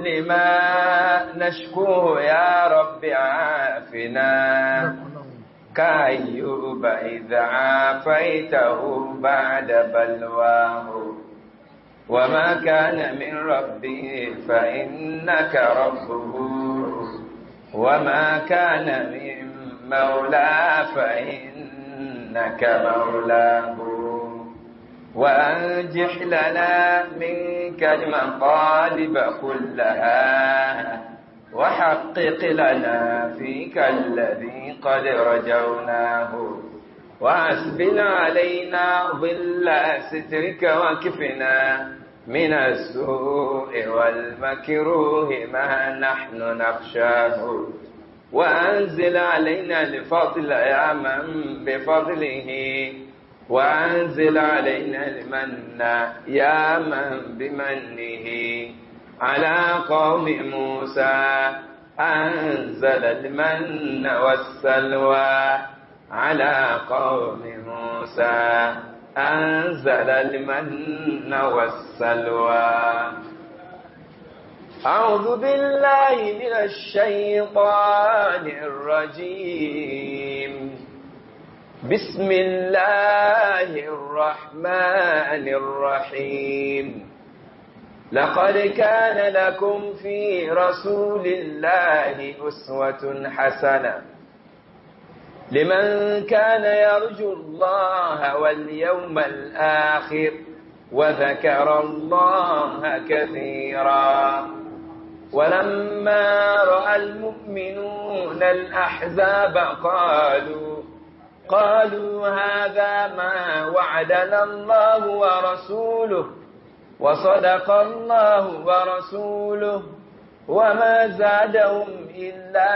كل ما نشكوه يا رب عافنا كأيوب إذا عافيته بعد بلواه وما كان من ربه فإنك ربه وما كان من مولاه فإنك مولاه وأنجح لنا منك المطالب كلها وحقق لنا فيك الذي قد رجوناه وأسبل علينا ظل سترك وكفنا من السوء والمكروه ما نحن نخشاه وأنزل علينا لفضل يا من بفضله وأنزل علينا المن يا من بمنه على قوم موسى أنزل المن والسلوى على قوم موسى أنزل المن والسلوى أعوذ بالله من الشيطان الرجيم بسم الله الرحمن الرحيم لقد كان لكم في رسول الله أسوة حسنة لمن كان يرجو الله واليوم الآخر وذكر الله كثيرا ولما رأى المؤمنون الأحزاب قالوا قالوا هذا ما وعدنا الله ورسوله وصدق الله ورسوله وما زادهم إلا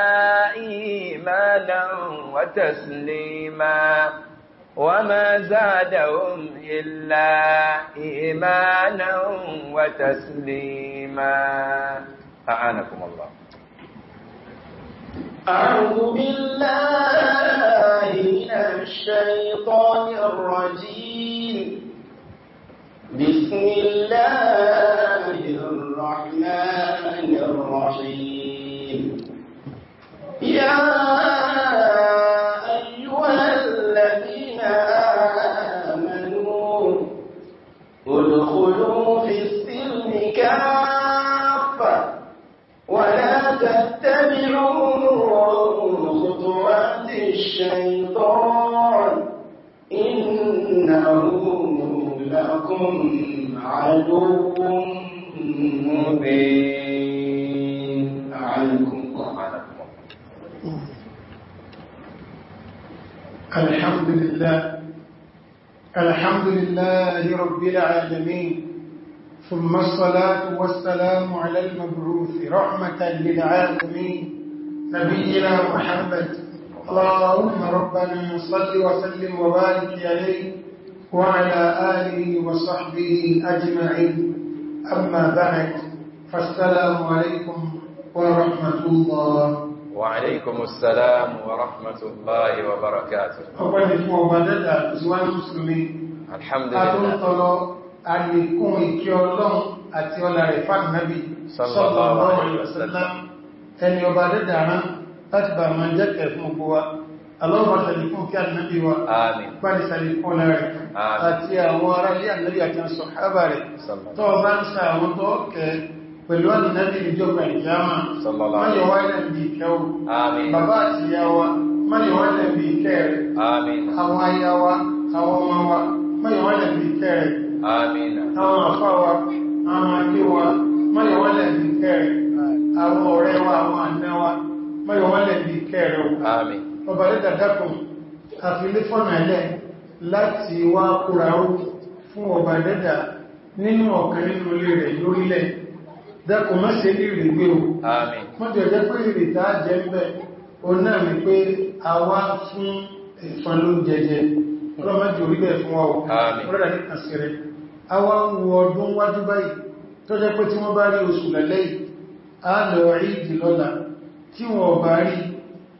إيمانا وتسليما وما زادهم إلا إيمانا وتسليما أعانكم الله أعوذ بالله الشيطان الرجيم بسم الله مبين عنكم وعنكم الحمد لله الحمد لله رب العالمين ثم الصلاة والسلام على المبعوث رحمة للعالمين نبينا محمد اللهم ربنا صل وسلم وبارك عليه وعلى آله وصحبه أجمعين أما بعد فالسلام عليكم ورحمة الله وعليكم السلام ورحمة الله وبركاته أقول مبادئة أزوان المسلمين الحمد لله أتنطل أن يكون كيولون أتيولا رفع النبي صلى الله عليه وسلم أن يبادئ دعنا من جكف مقوى Ọlọ́run ṣàlékún kí annabi wa bá ní ṣàlékún rẹ̀ àti àwọn ará ilé annabi àti àwọn sọ̀hábà rẹ̀ tó bá ń sa àwọn tó kẹ pẹ̀lú annabi ìjọba ìyáma mayọ̀wá ilẹ̀bí ìkẹwò bàbá àti yawa mayọ̀wá ilẹ̀bí ìkẹrẹ àwọn ayawa àwọn ọba lẹ́dà dákùn àfilé fọ́nà ẹlẹ́ láti wá kúra ó fún ọba lẹ́dà nínú ọ̀kan nínú ilé rẹ̀ lórílẹ̀ dákùn má ṣe ní ìrìgbé o wọ́n jẹ́ jẹ́ pé ìrìta jẹ́ ń bẹ̀ o náà ní pé a wá fún ẹ̀fọn ló jẹjẹ ọlọ́mọdé orí bẹ̀ fún ọ rọ́dà ní kàṣẹrẹ tí wọ́n bá rí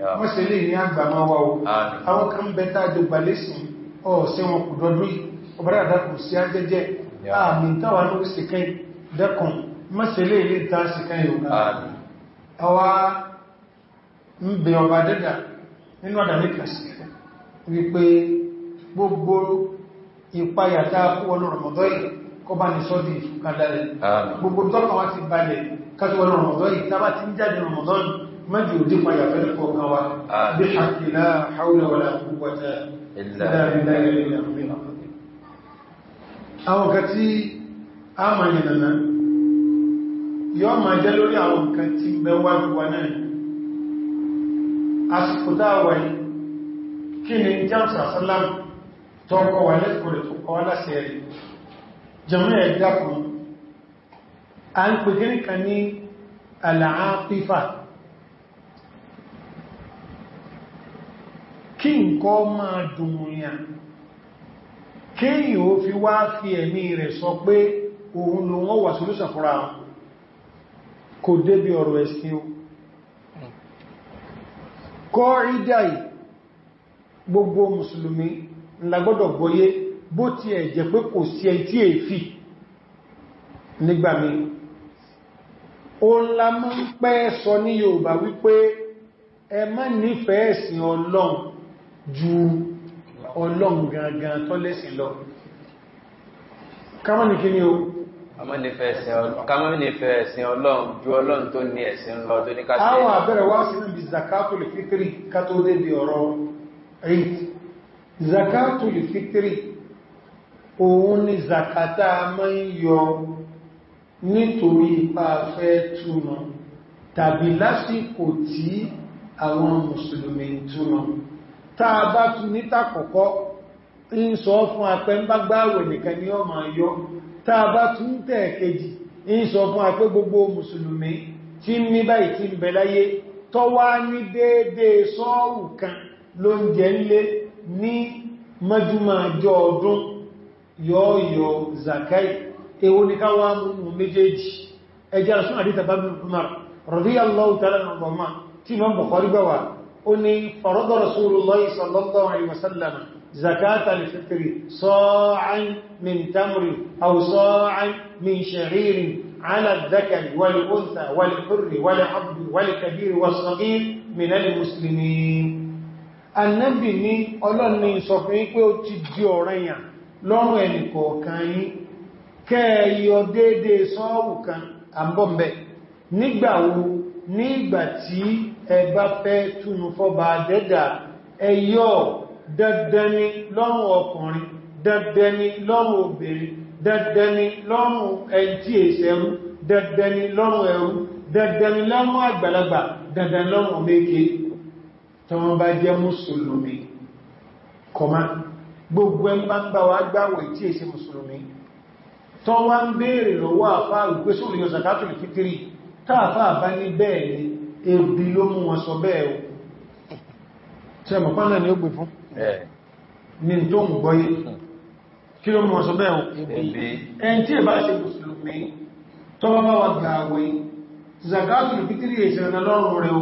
wọ́n se lè ní àgbà máa o àwọn kan bẹ́ta jọgbà lẹ́sìn ọ̀ sí wọn kù dọ́dún ọbára àdákù sí ajẹ́jẹ́ àmì táwà ló sì kẹ́ dẹ́kùn mọ́sẹ̀lẹ̀ ilé ta sì kẹ́ yóò àwá ń bè ọba dẹ́dà nínú àdàmíkà sí wípé gbogbo ìpayà tá kú wọnú rọmọdọ́ yìí kọ bá ní sọ́dí ìfúkàdálẹ̀ gbogbo tọ́kọ̀ wá ti balẹ̀ kásíwọ̀n rọmọdọ́ ti ń jáde rọmọdọ́ yìí mẹ́jì ò dípa yàfẹ́ nípa ọkàn wa bí ṣàkìlá haúlẹ̀ wà láàrúwọ́ta àwọn nǹkan tí a ma yìnàna yọ́ ma jẹ́ lórí àwọn nǹkan tí mẹ́wàájú wa náà àsìkò dáwà yìí kí ni james asalam tọ́kọ̀ wà lẹ́kọ̀ọ́ rẹ̀ tó kọ́ aláṣẹ rẹ̀ jẹ́mọ́ ẹ̀dàkùn a ń pè kí ní kan ní àlàáfífà kí nǹkan máa dùnmùyàn kéyìn ó fi wá fi ẹ̀mí rẹ̀ sọ pé òun ló wọ́n wà solúsà fúnra kò débi ọ̀rọ̀ ẹ̀sìn o kọ́ ìdáyì gbogbo mùsùlùmí lagbọ́dọ̀ gbọ́yé bó ti ẹ̀jẹ̀ pé kò sí ẹ̀ tí èéfì nígbàmí o pẹ́ sọ ní Yorùbá wípé ẹ má nífẹ̀ẹ́ ẹ̀sìn Ọlọ́run ju ọlọ́run gangan tó lẹ́sìn lọ kámọ́ ní kí ni o àmọ́ nífẹ́ ẹ̀sìn ọlọ́run ju ọlọ́run tó ní ẹ̀sìn lọ tó ní káṣẹ́ àwọn àbẹ̀rẹ̀ wá sí ibi zakatul fitri ká tó dé di ọ̀rọ̀ rit zakatul fitri òun ni zakata mọ́ ń yọ nítorí ipa fẹ́ túnmọ̀ tàbí lásìkò tí àwọn mùsùlùmí túnmọ̀ táa bá tún níta kọ̀kọ́ ń sọ fún apẹ́ ń bá gbáwẹ̀ nìkan ni ó máa yọ táa bá tún tẹ̀ kejì ń sọ fún apẹ́ gbogbo mùsùlùmí tí ń ní báyìí tí ń bẹ láyé wá ní déédéé sọ́ọ̀wù kan ló ń jẹ zakai ewu ní káwà mú méjèèjì ẹjá sún àdítàbábí Umar radiyallahu ta'ala anhu tí mọ́ bọ̀kọ́rí gbọ́wàá أني فرض رسول الله صلى الله عليه وسلم زكاة الفطر صاعا من تمر أو صاعا من شعير على الذكر والأنثى والحر والعبد والكبير والصغير من المسلمين النبي ni ọlọ́run ni sọ fún pé ó ti di ọ̀ranyàn lọ́rùn ẹni kọ̀ọ̀kan yín kẹ́ẹ̀yọ déédéé sọ́ọ̀wù kan àbọ̀m̀bẹ̀ nígbàwo nígbà tí tẹba fẹ́ túnú fọba dẹ́dà ẹyọ́ dandani lọ́rùn ọkùnrin dandani lọ́rùn obìnrin dandani lọ́rùn ẹjí èsẹ̀rú dandani lọ́rùn ẹrú dandani lọ́rùn àgbàlagbà dandani lọ́rùn ọmọkè tọ́wọ́n bá jẹ́ mùsùlùmí kọmá gbogbo ẹ bá ń bá wa táàfáà bá ní bẹ́ẹ̀ ni ebi ló mú wọn sọ bẹ́ẹ̀ o tí ẹmọ̀ pánlẹ̀ ni ó gbé fún ní tó ń gbọ́yé kí ló mú wọn sọ bẹ́ẹ̀ o ẹn tí ẹ̀bá ṣe mùsùlùmí tó bá bá wà o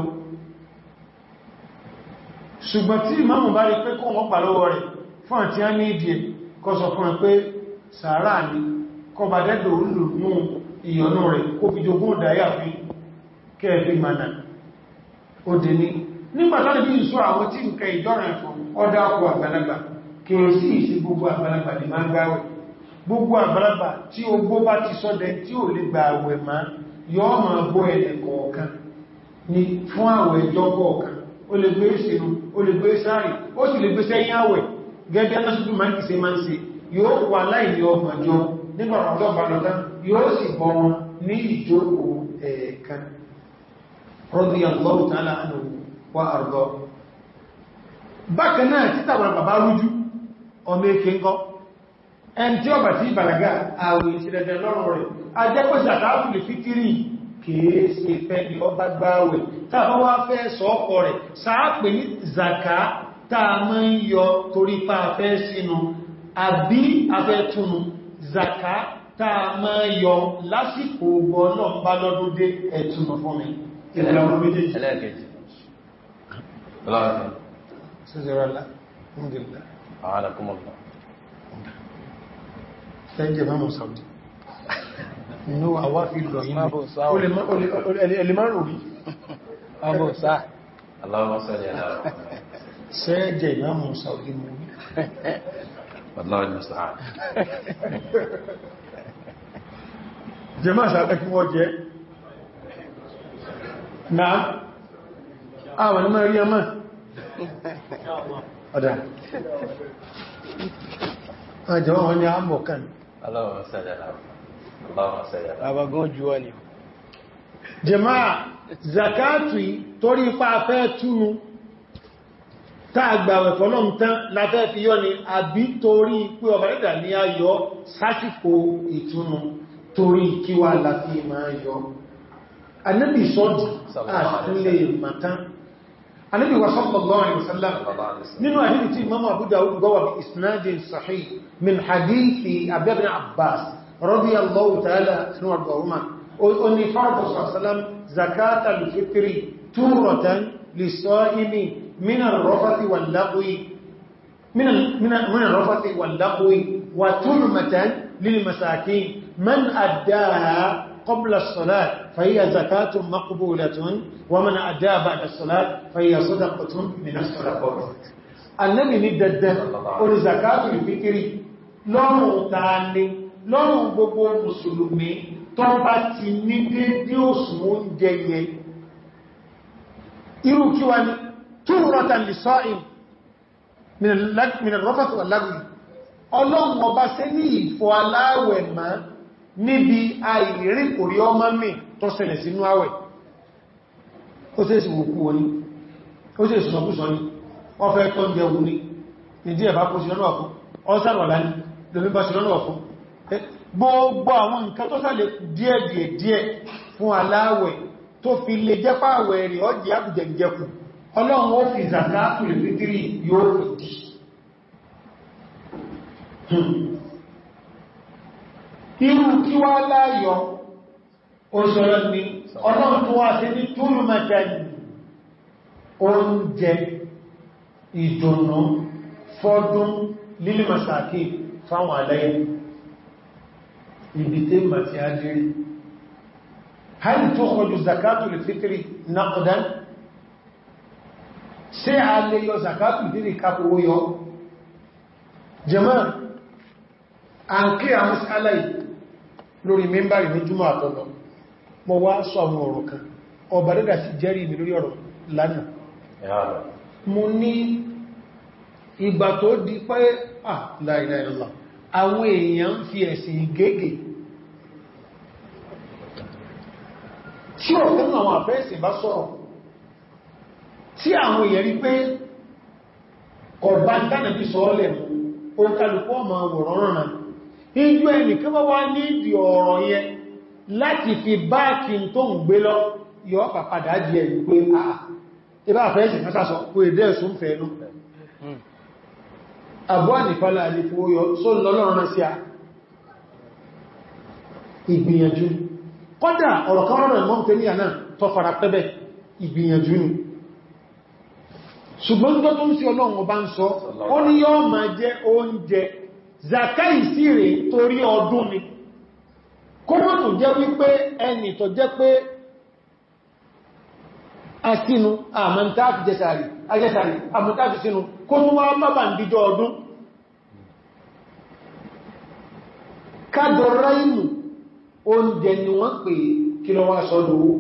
ṣùgbọ́n tí ìmáàmù bá rí pé kó wọ́n pà lọ́wọ́ rẹ̀ fún àti á ní ìdíẹ̀ kọ́ sọ fún ẹ pé sàárà mú ìyọnú rẹ̀ kó ó dì ní nígbàtọ́lẹ̀ bí ìṣọ́ àwọn tí nǹkan ìjọ́rìn fún ọdá ọkọ̀ àgbàlagbà kí o sí ìṣe gbogbo àgbàlagbà ní máa gbáwẹ̀ gbogbo àgbàlagbà tí o gbó bá ti sọ́dẹ tí o lè gba àwẹ̀ ma ni máa ń se máa ń yóò sì bọ́ wọn ní ẹ̀ẹ̀kan rọ́dí allahu ta'ala anhu wa àrùdọ́ bákan náà títà wọn bàbá rújú ọmọ èké ńkọ́ ẹn tí ọba tí ìbàlágà àwẹ̀ ìṣẹ̀lẹ̀dẹ̀ lọ́rùn rẹ̀ ajẹ́kọ̀ṣà láàfilè fítírì kèése fẹ́ ni ọba gbáwẹ̀ tàbá wá fẹ́ sọ́ọ̀kọ̀ rẹ̀ sáàpẹ̀ ní zaka tàà mọ́ yọ lásìkò ọgbọ̀ náà bá lọ́dún dé ẹ̀tùnú fún mi ẹlẹ́ẹ̀kejì ọlọ́run sọ́sẹ̀rọ̀lá ìgbìlá àwọn alákùnmọ̀lá tẹ́jẹ̀ mọ́mọ̀ saudi inú àwá ìlò yìí olèmọ́rùn rí ọmọ sáà sẹ́jẹ̀ mọ́mọ̀ saudi mú jẹ́ máa ṣàtẹ́kí wọ́n jẹ́ náà àwọn ọmọ rí ọmọ ọ̀dá àjọ wọn ni a mọ̀ kan aláwọ̀ sẹ́yẹ̀ jẹmáà zakatui torí ipa fẹ́ túnú táàgbàwẹ̀ fọ́lọ́m tán láfẹ́ fi yọ́ ni àbí torí pé ọ̀fẹ́lẹ́dà ní ayọ́ sásìkò ìtúnú torí kíwà láti máa yọ́ النبي صلى الله عليه وسلم صلى الله عليه وسلم من أهل إمام أبو داود قوى بإسناد صحيح من حديث أبي بن عباس رضي الله تعالى عنه وأرضاهما أني فرض صلى الله عليه وسلم زكاة الفطر تورة للصائم من الرفة واللغو من من من الرفث واللغو وترمة للمساكين من أداها قبل الصلاة فهي زكاة مقبولة ومن أداء بعد الصلاة فهي صدقة من الصدقات النبي ندد قل زكاة الفكر لون تعالي لون ببو مسلمي tọ́bátí ní dédé òsùn oúnjẹ yẹn irú لصائم من ní túrọ̀tà lè sọ́ìm mìnà rọ́fàtà lágbì ọlọ́run ọba sẹ́ ní ìfọ́ aláwẹ̀ máa níbi àìrí orí ọmọ mi tó ṣẹlẹ̀ sínú àwẹ̀ ó sì èsì wòkú wọn ni ó sì èsì sọkúsọ ni wọ́n fẹ́ tó ń jẹ ogun ni ìdí ẹ̀bá kó sí lọ́nà ọ̀fún ọ́sàrọ̀lá ni lómi bá sí lọ́nà ọ̀fún gbogbo àwọn nǹkan tó sàlẹ̀ díẹ̀díẹ̀ fún aláwẹ̀ tó ọlọ́run ó fi zàkátù lè fítírì yóò dì irú kí wá láyọ̀ òṣòrò ní ọlọ́run tó wá sí ní túrù mẹ́tẹ̀lì oúnjẹ ìdùnnú fọ́dún lílì masàkì fáwọn aláyẹ̀ ibi tí màtí ajírí hal tó kọjú zakatul fitri náàdán sí àlẹ́yọ zakatul fitri kápòwó yọ jama'a an kí a masu lórí mẹ́mbàrí ní jùmọ́ àtọ́lọ mọ́ wá sọ àwọn ọ̀rọ̀ kan ọba dẹ́dà sí jẹ́rì mi lórí ọ̀rọ̀ lánàá mo ní ìgbà tó di pé la ilaha illallah àwọn èèyàn ń fi ẹ̀sìn gẹ́gẹ́ tí ọ̀kan àwọn àfẹ́ẹ̀sìn bá sọ̀rọ̀ tí àwọn èèyàn rí pé ọ̀bá tánàbí sọ́ọ́lẹ̀ ó kálùkú ọmọ àwòrán rán ijú ẹni kí wọ́n wá ní ìdí ọ̀rọ̀ yẹn láti fi báàkì tó ń gbé lọ yọ pàpàdà jí ẹ̀ wípé àà ah, ibá ah, fẹ́ẹ̀sì kan sásọ pé èdè ẹ̀sùn fẹ́ ẹnu hmm. àbúwà nìfàlà ní só lọ́lọ́rọ̀ sí a ìgbìyànjú kọ́dà ọ̀rọ̀ kan rọrọ̀ mọ́ tẹ́ ni ṣùgbọ́n tó tó ń sí ọlọ́run ọba ń sọ ó ní yọ́ máa jẹ́ oúnjẹ zakai sí rẹ̀ torí ọdún ni kọ́nà tó jẹ́ wípé ẹni tó jẹ́ pé asínú àmọ́ntáàfi jẹsàrí ajẹsàrí àmọ́ntáàfi sínú kó mú wá bábà ń díjọ ọdún kádọ̀rá inú oúnjẹ ni wọ́n pè kí lọ wá sọ́dọ̀ owó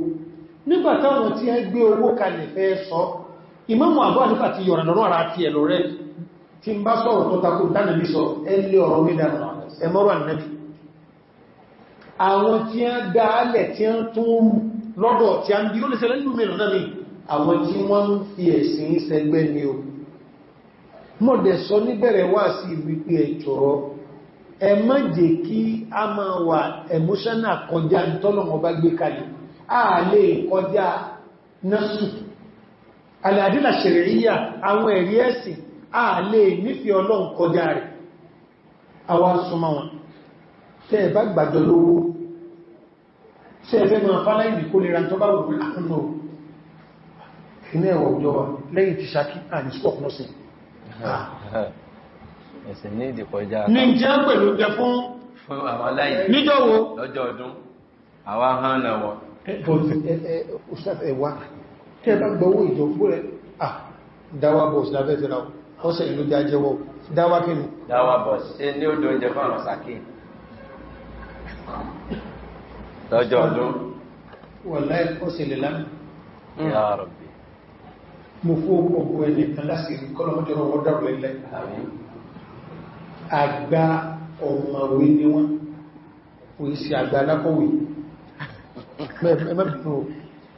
nígbàtàwọn tí ẹ owó kalẹ̀ fẹ́ sọ ìmámù àbọ́ àdúgbà ti yọ̀rànlọ́rọ̀ ara ti ẹ̀lọ́rẹ́ tí ń bá sọ̀rọ̀ tó takò tánàbí sọ ẹlẹ́ ọ̀rọ̀ mídà ẹmọ́rọ̀ ànàbí àwọn tí a dáálẹ̀ tí a tún rú lọ́dọ̀ tí a ń bí ó lè mẹ́rin náà ni àwọn tí wọ́n ń fi ẹ̀sìn sẹgbẹ́ ni o mọ́dẹ̀ sọ níbẹ̀rẹ̀ wá sí wípé ẹ̀tọ́rọ ẹ má jẹ́ kí a máa wà emotional kọjá tọ́lọ̀mọ̀ bá gbé kalẹ̀ ààlè kọjá násù alàdílà ṣẹ̀rẹ̀ yíyà àwọn ẹ̀rí ẹ̀sìn a lè nífẹ́ ọlọ́run kọjá rẹ̀ àwọn asọmọ wọn tẹ́ ẹ̀bá gbàjọ lówó tẹ́ ẹ̀fẹ́ máa fá láìní kó lè rántọ́ bá wùn àánú iná ẹ̀wọ̀ ìjọba lẹ́yìn ti ṣakí àní stop nursing ẹ̀sìn ní ìdìkọjá ní jẹ́ pẹ̀lú jẹ fún àwọn aláìní níjọ́wó lọ́jọ́ ọdún àwọn ahán ọ̀sẹ̀ ìlú jajẹwọ dáwà kí ni dáwà bọ̀ ṣe ní ó dó oúnjẹ fún ọ̀sàkí lọ́jọ́ ọdún wọ̀lẹ́ ọ̀sẹ̀ lè lámì hmm. mo fún ọgbọ̀ ẹni kan láti rí kọ́lọ̀mọ́dé ọwọ́ dárò lẹ́lẹ́ àgbà ọmọwé ní wọ́n òyí sí àgbà alákọ̀wé mẹ́bẹ̀ẹ́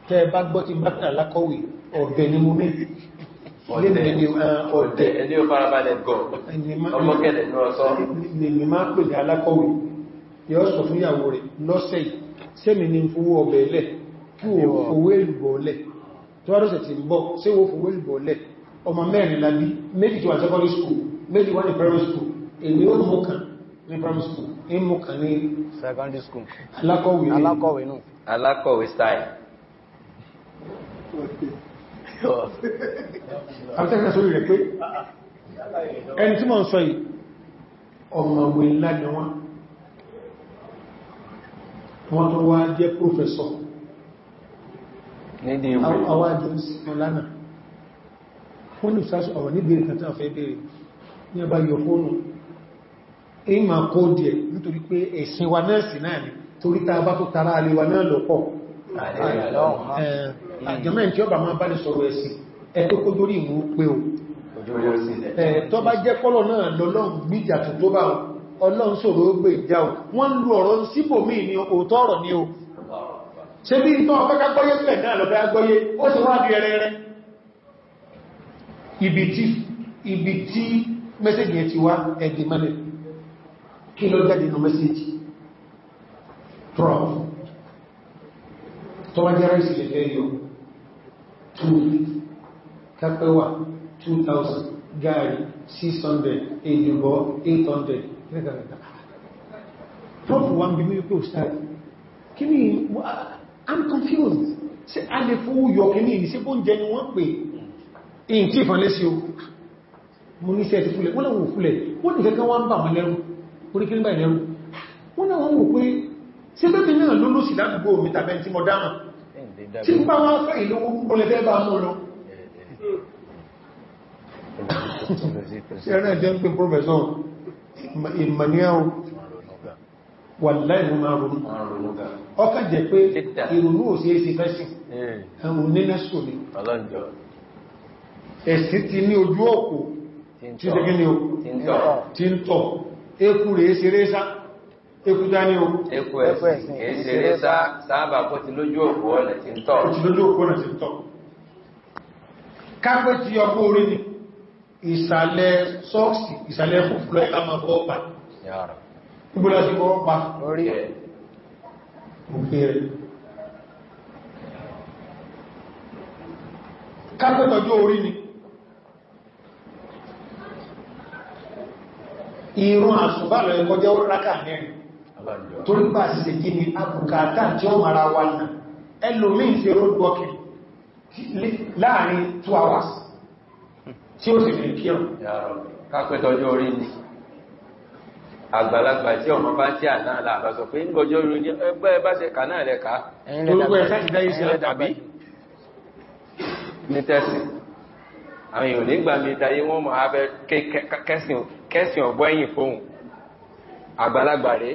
tẹ́ bá gbọ́ ti bá alákọ̀wé ọ̀bẹ̀ ni mo mẹ́rin ọ̀dẹ̀ ẹni ó farabalẹ̀ gọ̀ ọmọkẹ́lẹ̀ náà sọ ni máa pè ní alákọ̀wé yóò sọ fún ìyàwó rẹ̀ lọ́sẹ̀ sẹ́mi ni fowó ọbẹ̀ ilẹ̀ kí o fowó ìlúbọ̀ọ́lẹ̀ tó wárọ̀sẹ̀ ti ń bọ̀ sí wo fowó ìlúbọ̀ọ́lẹ̀ ọmọ mẹ́rin labí méjì tó wà secondary school méjì wọ́n ní primary school èmi ó mú kàn ní primary school ní mú kàn ní secondary school alákọ̀wé alákọ̀wé style àbítẹ́kẹ́ sórí rẹ̀ pé ẹni tí mọ̀ ń sọ yìí ọmọwé ńlá ni wọ́n wọ́n tó wá jẹ́ prófẹ́sọ̀ àwọn àjọ ìsinmi lánàá fún ìsáṣọ́ ọ̀rọ̀ ní bèèrè tàbí àfẹ́ bèèrè ní ọba yọ fóònù èyí ma kó díẹ̀ nítorí pé ẹ̀sìn wa náà sì náà ni torí ta bá tó tara alẹ́wà náà lọ́pọ̀ àjẹ́mẹ́ tí ó bà máa bá ní sọ̀rọ̀ ẹ̀sìn ẹ̀tọ́ kó ìwò pé o tó bá jẹ́ kọ́lọ̀ náà lọ́lọ́n gbíjà tó tó bá ọlọ́n sọ̀rọ̀ ó gbé ìjà wọ́n ń lu ọ̀rọ̀ síbòmí ní òótọ́ ọ̀rọ̀ ni o ṣe bí ìtọ́ ọ̀fẹ́ká gbọ́yé pẹ̀ náà lọ́fẹ́ agbọ́yé ó sì wá bí ẹrẹ́rẹ́ ibi tí mẹ́sẹ̀gì ẹ̀ ti wá ẹ̀dì mẹ́lẹ̀ kí ló jáde nù mẹ́sẹ̀gì trump tó wá 2 kápẹ́wà 2000 gaari 600 èlùbọ́ 800 nígbàgbà prọ́fù wọn bí wípé ò stáà kí ni i'm confused ṣe a lè fún yọ kí ní ìdíṣẹ́ bó ń jẹ ni wọ́n pè in tí ìfànlẹ́ sí o mo ní sẹ́ẹ̀tì fúlẹ̀ wọ́n láwọn òfúlẹ̀ wọ́n ní kẹ́kẹ́ wọ́n bà wọn lẹ́rù oríkìrí bà lẹ́rù wọ́n láwọn wò pé sí pẹ́bí náà lólósì ládùgbò mi tàbẹ́ tí mo dáhùn tí ń bá wá fẹ́ ìlú olẹ́fẹ́ bá mú lọ ẹ̀rẹ́ jẹ́ ń pè professor emmanuel wà láìmú máa ronú ọkà jẹ́ pé ìrònú ò sí èsì fẹ́sì ẹ̀rùn nínú sórí ẹ̀sì ti ní ojú ọ̀pọ̀ tí ó ti gíní o tí ń tọ̀ ekú rẹ̀ ṣeré sáà Ekú dání o. Ekú ẹ̀sìn, èsèré sáàbà kó ti lójú òkú ọ̀nà tí ń tọ̀. Kó ti lójú òkú ọ̀nà tí ń tọ̀. Kápẹ́ ti ọkọ̀ orí ni, ìsàlẹ̀ sọ́ọ̀sì, ìsàlẹ̀ fúfúrú ẹ̀ká máa bọ́ Orí rákà mẹ́rin torí bá ṣe kí ni abùkátà tí ó mara wà náà ẹlòmín ṣe road walking láàrin 2 hours tí ó sì fi kíọ̀ kápẹ́tọ́jọ́ orí ni àgbàlagbà tí ọmọ bá tí àná àlàbà sọ pé ń gọjọ́ orí ní ẹgbẹ́ bá ṣe kà náà lẹ́ka torúkọ ẹ̀fẹ́ ti dá ìṣẹ́ tàbí ní tẹ́sì àwọn èèyàn nígbà mẹ́ta yí wọ́n mọ̀ abẹ́ kẹsìn ọgbọ́ ẹ̀yìn fóhùn àgbàlagbà rèé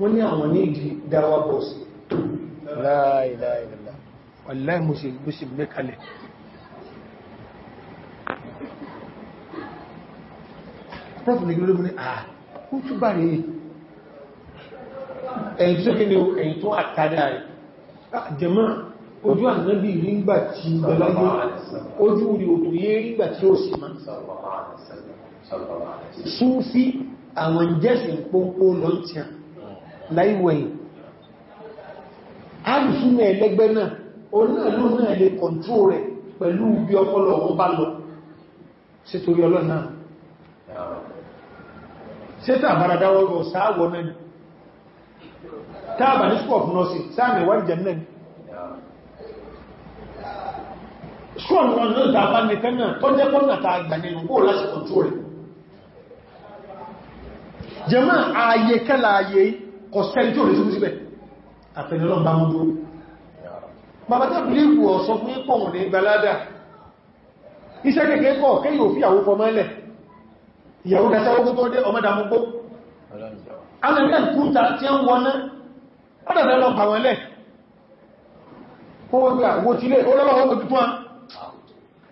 wọ́n ní àwọn ní ìdí dáwà bọ́ọ̀sì la ilaha illallah wallahi mo sì gbé kalẹ̀ prof ní gílórí ní àà ah, kú túbà rí ẹ̀yìn tó kí ni ẹ̀yìn tó àkádà rẹ̀ ah, jẹmọ́ ojú ànábì rígbà tí gbẹ̀láyé ojú rí òtò yé rígbà tí ó sì máa súnfí àwọn jẹ́sìn pópó lọ́ntíyàn láìwẹ̀yìn alùsúnmọ̀ ẹlẹ́gbẹ́ náà onáàlú náà lè kọ̀ntró rẹ̀ pẹ̀lú bí ọpọlọ wọn bá lọ sí torí ọlọ́nà ṣe tàbáradáwọ́ rọ̀ sáàwọ̀ mẹ́rin tàbà ní school of nursing sáàmì wà jẹ́ mẹ́rin school of nursing tàbá ní fẹ́nà tó jẹ́ pọ́nà tàgbà nínú bóò láti kọ̀ntró rẹ̀ jẹ́mọ́ ààyè kẹ́lá ààyè yìí kọ̀ sẹ́ni tí ò lè ṣubú síbẹ̀ àfẹnilọ́n bá mú dúró bàbá tó bí ìwò ọ̀sọ́ fún ipò wọn ní gbalada iṣẹ́ kékeré kọ̀ kí yóò fi àwọ́ fọmọ́ ẹlẹ̀ ìyàwó gẹsẹ́wọ́gbó tó dé ọmọdàmúgbó alẹ́gbẹ́ kúta tí ó ń wọná ọdọ̀dọ̀ lọ pàwọn ẹlẹ̀ kó tí lé olóòwò ojú fún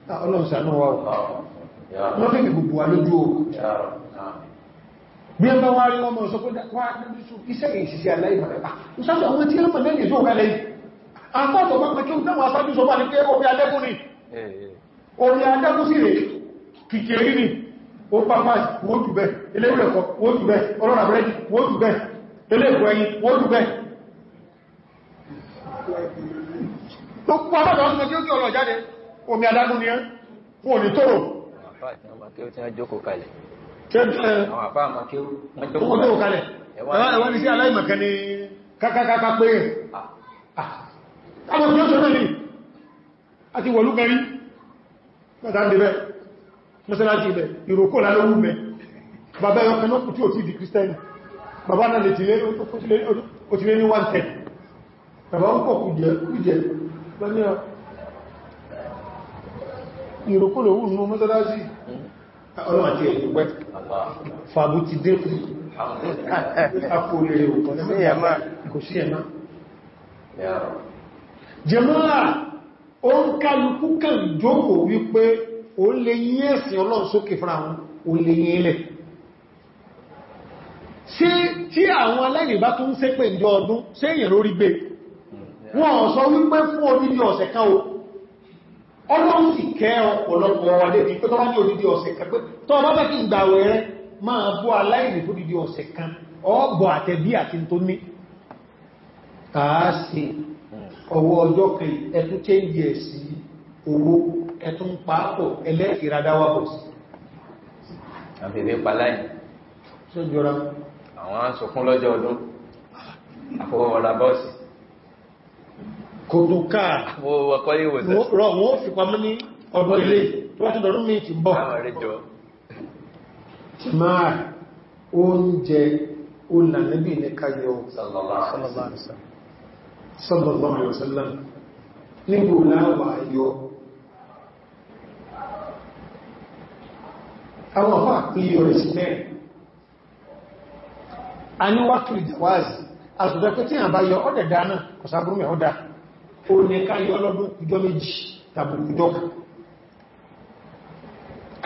wa ọlọ́run sànú wa bí ẹgbẹ́ wá rí ọmọ ìsọ́kó iṣẹ́ ìṣiṣẹ́ aláìbàrẹ̀bà ìṣàbí àwọn tí ẹmọ̀ lẹ́yìn ìṣò rẹ̀ lẹ́yìn àpapọ̀ pápá kí o náà aṣájú sọ wà ní pé orí adẹ́kùn ni orí adẹ́kùn sí rẹ̀ kìkìrí ni ó pápá wọ́n jù bẹ́ elérẹ̀kọ́ wọ́n jù bẹ́ ọlọ́rà bẹ́ẹ̀dì wọ́n jù bẹ́ elérẹ̀kọ́ ẹyin wọ́n jù bẹ́ tó pọ́ àbájọ́ ọdún tí ó kí ọlọ́ jáde omi adágún ni ẹ́ fún òní tóró àti ah. ah. wọ̀lú gẹ̀rí mẹ́ta ń dẹ̀bẹ̀ mọ́sánlájì ibẹ̀ ìrókò lálówú mẹ́ bàbá ẹ̀yọ́ kanáà kù tí ò sí di kírísítẹ́nì bàbá náà lè tìlé òtìlé ní 110 bàbá ń pọ̀ kùjẹ́ lọ́nà ìrókò lòwú nínú mọ́sánlájì ọlọ́wà tí èyí pẹ́ fàbú ti dé kú àpòlè kò sí ẹ̀má jẹmọ́lá o ń kálukú kàn jókò wípé o lè yí ẹ̀sìn ọlọ́run sókè fún àwọn o lè yí ilẹ̀ sí tí àwọn aláìrìn bá tún ṣépè ìjọ ọdún sí lórí gbé hmm. wọ́n sọ wípé fún oníbi ọ̀sẹ̀ kan ọlọ́run sì kẹ́ ọ̀pọ̀lọpọ̀ wọlé bí pẹ́tọ́ ní odidi ọ̀sẹ̀ kan pé tọ́ ọba bẹ́ kí n gbà wẹ̀rẹ́ máa bú aláìní fún odidi ọ̀sẹ̀ kan ọgbọ̀ àtẹ̀bí àti tó ní tààsì ọwọ́ ọjọ́ kan ẹtú chéńjì ẹ̀ sí owó ẹtú ń pàápọ̀ ẹlẹ́ìradáwàbọ̀ sí àbẹ̀bẹ̀ paláì sójọra àwọn asòkún lọ́jọ́ ọdún àfọwọ́wọ́ra bọ́ọ̀sì kò tó káà rọ̀ wọ́n fi pamọ́ ní ọdún ilé wọ́n ti dọ̀rún mìí ti bọ̀ máa oúnjẹ olànẹ́bì ní káyọ sallallahu alaihi wasallam nígbò láwà yọ àwọn afọ́ àpíyọ rẹ̀ sí mẹ́rin a ní wákìlì jàwáàzì àtùdẹ́kẹ́ tí ó ní káyọ ọlọ́dún ìjọ méjì tàbí ìjọ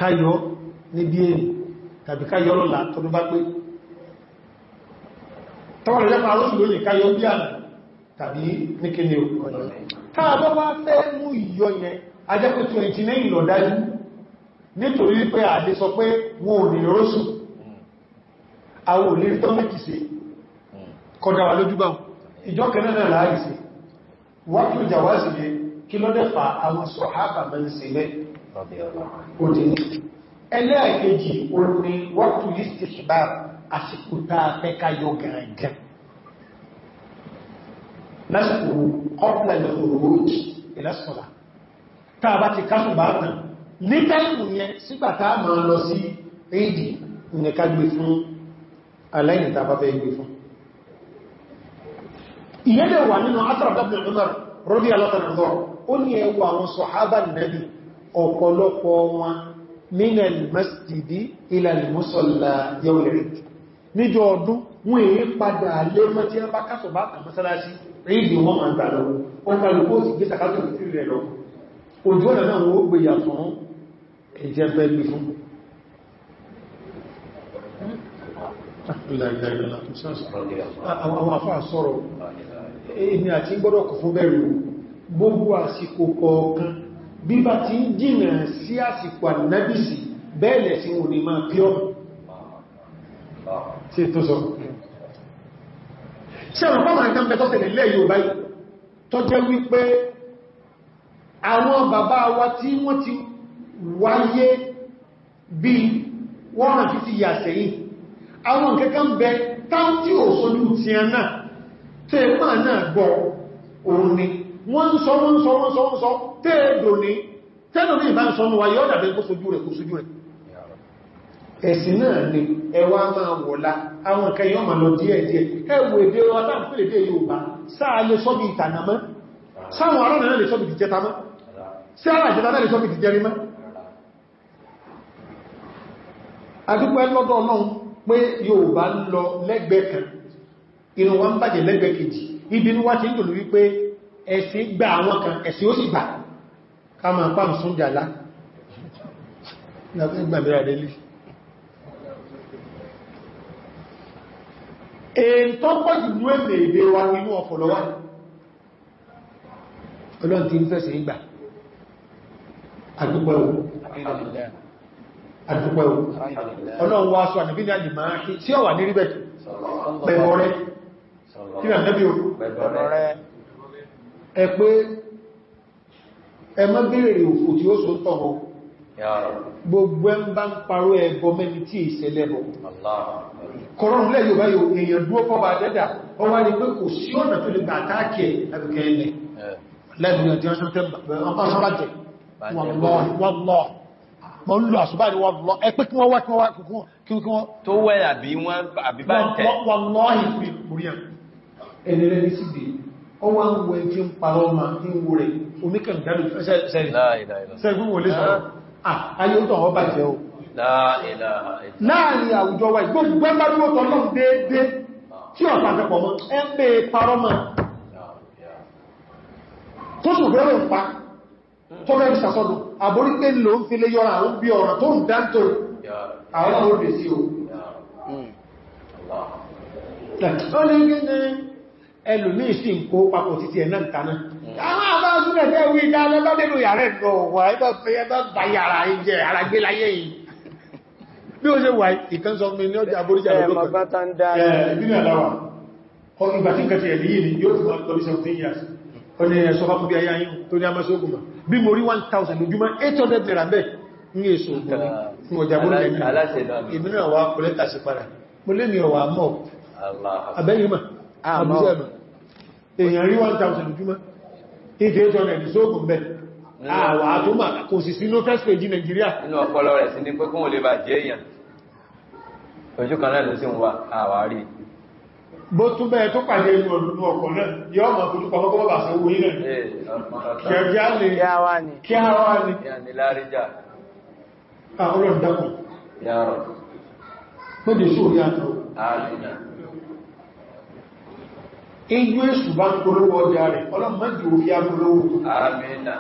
káyọ níbi èrì tàbí káyọ ọlọ́lá tọdún bá pé tọ́wọ́lẹ̀ jẹ́ máa lóṣù lónìí káyọ bí àmì tàbí níkíní ọ̀yọ̀ káàbọ́ bá fẹ́ mú ìyọ yẹn ajẹ́kùtù ẹ̀tì ní ìlọ̀dájú nítorí pé àdé sọ pé wọn ò ní rọ́sù àwọn ò ní tọ́mẹ́kì sí kọjáwà lójúbà ìjọ kẹ́nẹ́nà láàrín sí wákìlú jàwázì lè kí ló dẹ́fà àwọn sọ̀hábà mẹ́rin sí lẹ́ òdìní ẹlẹ́ẹ̀kejì orin wákìlú lístì ṣìbá àsìkò táa fẹ́ káyọ gẹ̀rẹ̀gẹ̀ lásìkò kọ́pùlẹ̀ lọ́rọ̀lọ́rọ̀kì ìlẹ́sọ̀lá táa bá ti kásù bá tàn ní tẹ́lù yẹn sígbà táa máa lọ fún aláìnìta bá fẹ́ gbé fún ìyẹ́ lè wà nínú atàràbàbìn Umar rọ́bí alátàràbọ̀ ó ní ẹwà àwọn sọ̀hábà nẹ́bí ọ̀pọ̀lọpọ̀ wọn minal masjidi ilal musalla yawm al-eid níjọ ọdún wọ́n èé padà lé mọ́tí ẹbá àwọn afá sọ̀rọ̀ èmi àti gbọ́dọ̀ kò fún bẹ̀rù gbogbo àsìkò kọ̀ọ̀kan bí bá ti ń jìnà sí àsìkò ànábìsì bẹ́ẹ̀lẹ̀ sí òní máa píọ́ tí è tó sọ ṣẹ́rùn pọ́mà nǹkan bẹ́ tọ́tẹ̀lẹ̀ ilẹ̀ Yorùbá tó jẹ́ wípé àwọn bàbá wa tí wọ́n ti wáyé bí 150 years sẹ́yìn àwọn kẹ́kàn bẹ táwọn tí ò sojú ti ẹ̀nà tẹ́ẹ̀mà náà gbọ́ òun ni wọ́n ń sọ wọ́n sọ wọ́n sọ wọ́n sọ tẹ́ẹ̀dò ní tẹ́lò ní ìbá ń sọ níwá yọ́ dàbẹ́ kó sojú rẹ̀ kó sojú rẹ̀ ẹ̀sìn náà ni ẹwà máa wọ̀lá àwọn kẹyọ́ ma lọ díẹ̀ díẹ̀ ẹwù èdè ọwọ́ aláàpìlẹ̀ dé Yorùbá sáà lè sọ bí ìtànàmọ́ sáwọn ará náà lè sọ bí ìjẹtamọ́ pé Yorùbá ń lọ lẹ́gbẹ̀ẹ́ kan inú wọn bàjẹ́ lẹ́gbẹ̀ẹ́ kejì ibinú wá ti ń tòlú wípé ẹ̀sìn gba àwọn kan ẹ̀sìn ó sì gbà ká máa pàm sún jàlá Ọlọ́run ti ń fẹ́sẹ̀ àdúpẹ́ o ọlọ́run wá sọ ànàbí ní àjìmáàkì tí ó wà ní ríbẹ̀ bẹ̀bọ̀ rẹ̀ kí ni ànàbí o ẹ pé ẹ mọ́ bèèrè òfò tí ó sọ tọ́mọ gbogbo ẹ ń bá ń paró ẹbọ mẹ́ni tí ìṣẹ́lẹ̀bọ̀ kọrọ̀rùn lẹ́yìn báyìí èèyàn dúó pọ́bà dẹ́dà ọ wá ní pé kò sí ọ̀nà tó lè gbà táàkì ẹ̀ lábìkẹ́ ilẹ̀ eh. lẹ́bìnrin ọjọ́ sọ́tẹ́ mọ̀ ń lò àṣùbá ní wọ́n lọ ẹgbẹ́ kí wọ́n wá kí wọ́n wá kí wọ́n tó wẹ́ àbí wọ́n àbí bá tẹ́ wọ́n lọ́yìn fi orí ẹni rẹ̀ sí bí ọ wá ń wọ ẹjí ń parọ́ ma ń wo rẹ̀ oníkẹ̀ǹdàdù fẹ́sẹ̀rẹ̀ ah. ah, tó sì gbọ́rọ̀ ń pa tó rẹ̀ ìṣàsọ́dọ̀ àborí pé lò ń fi lé yọra àwọn bí ọ̀rọ̀ tó ń dántò àwọn òdè sí o hmm. ẹlùmí sí ń kó papọ̀ títí ẹ̀ náà tánà hmm. àwọn àbájúmẹ̀ tẹ́ wí dáadọ́ lọ́dẹ̀lú yàrá ẹ̀dọ̀ wà ẹgbẹ́ fẹ́ ẹgbẹ́ bá yàrá ìjẹ ara gbé láyé yìí bí ó ṣe wà ìkan sọ mi ní ọjà aboríjà ìgbàtí nǹkan ti ẹ̀lú yìí ni ó ní ẹ̀sọ́ fákún bí ayá yìí tó ní a máa ṣe ogun bí mo rí 1000 lójúmọ́ 800 naira bẹ́ẹ̀ ní èso ògbẹ̀rẹ̀ fún ọjà bó lẹ́yìn ìmìnira wa kò lẹ́ta sí padà mo lé ní ọwà mọ́ abẹ́yìnmà àbúzẹ́mà èèyàn rí 1000 lójúmọ́ 800 ìṣógun bẹ́ẹ̀ àwà mm. tó mà Nigeria inú ọpọlọ rẹ̀ sí ní pé kún olè bà jẹ́ èèyàn ojú kan náà ló sì bó tún bẹ́ẹ̀ tó pàdé inú ọdún ọkọ̀ náà yọ́ ma kò túnpọ̀ ọkọ̀ bàbà sí owó ilẹ̀ kẹjá lè kí a wá ní kí a wá ní ìyàniláríjà ah, ọlọ́run dákùn yàrọ̀ mọ́dé sórí àtọ́ ààrínà igbó èsù bá ń polówó ọjà rẹ̀ ọlọ́run mọ́dé orí agolówó ààrínà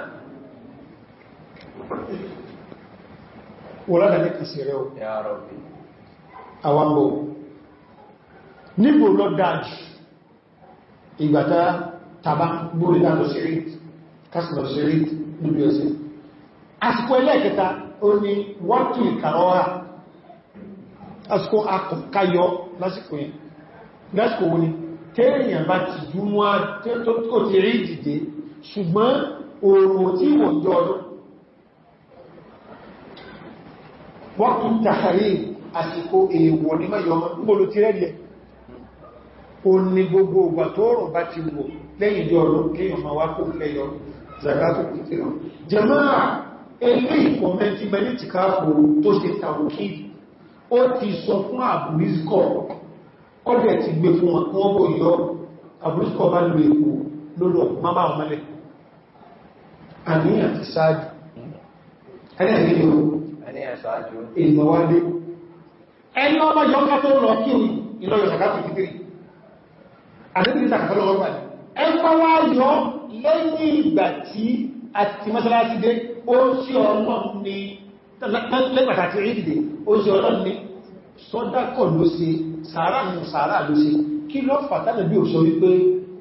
wọ́n níbò lọ dájú ìgbàtà tàbá bóri látọ̀ sí rí kásìlọ̀ sí rí níbi ọ̀sẹ̀ àsìkò ẹlẹ́ẹ̀kẹta ó ní wọ́tù ìkàrọ́ra àsìkò akọ̀kayọ lásìkò yẹn lásìkò wọ́n ni tẹ́rìyàn bá ti júmọ́ tó ti rí dìde ṣùgbọ́n oòrùn tí wọ́n jọ ọdún wọ́tù tàhàrí àsìkò èèwọ̀ ní mẹ́yọ ó ní gbogbo ògbà tó rọ̀ bá ti wò lẹ́yìn ìjọ ọ̀rọ̀ kí ọmọ wá kò fẹ́ yọ zakato kìtìrọ̀ jẹmáà ẹgbẹ́ ìkọ̀mẹ́ntí mẹ́lìtì káàkùn tó ṣe tàwókì ó ti sọ fún àbúrísíkọ̀ ọdẹ̀ ti gbé fún wọn wọ́n bò yọ àbúrísíkọ̀ bá lò èkó lọ́lọ́ mábà àdébìtà kọlọ́wọ́ gbà ẹgbà wá yọ lẹ́yìn ìgbà tí àti mọ́sálásí dé ó sí ọlọ́run ní lẹ́gbàtà tí rí dìde ó sí ọlọ́run ní sọ́dákọ̀ ló ṣe sàárà mú sàárà ló ṣe kí lọ fàtàlẹ̀ bí ò sọ wípé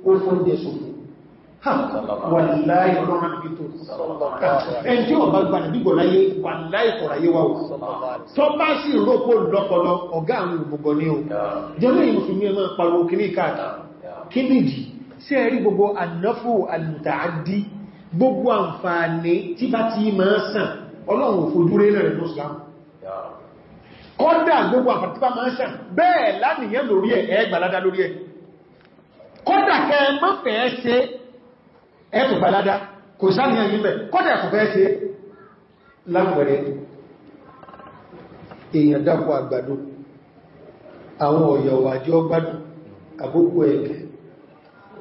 ó fún jẹ sófò wàláì ọlọ́run bí tó ẹni tí wọ́n bá gbà níbi gbọ̀ láyé wàláì kọ̀rọ̀ kíbìdì sí ẹ̀rí gbogbo annáfò alìtàádí gbogbo àǹfààní tí bá ti máa sàn ọlọ́run òfòdúré rẹ̀ tó sàn kọ́dà gbogbo àǹfààní tí bá máa sàn bẹ́ẹ̀ lánìyàn lórí ẹ̀ ẹgbàládá lórí ẹ̀ kọ́dà kẹ mọ́ fẹ́ ṣe ẹ̀tù gbàládá kò sáníyàn yí mẹ́ kọ́dà kò fẹ́ ṣe lágbẹ̀rẹ̀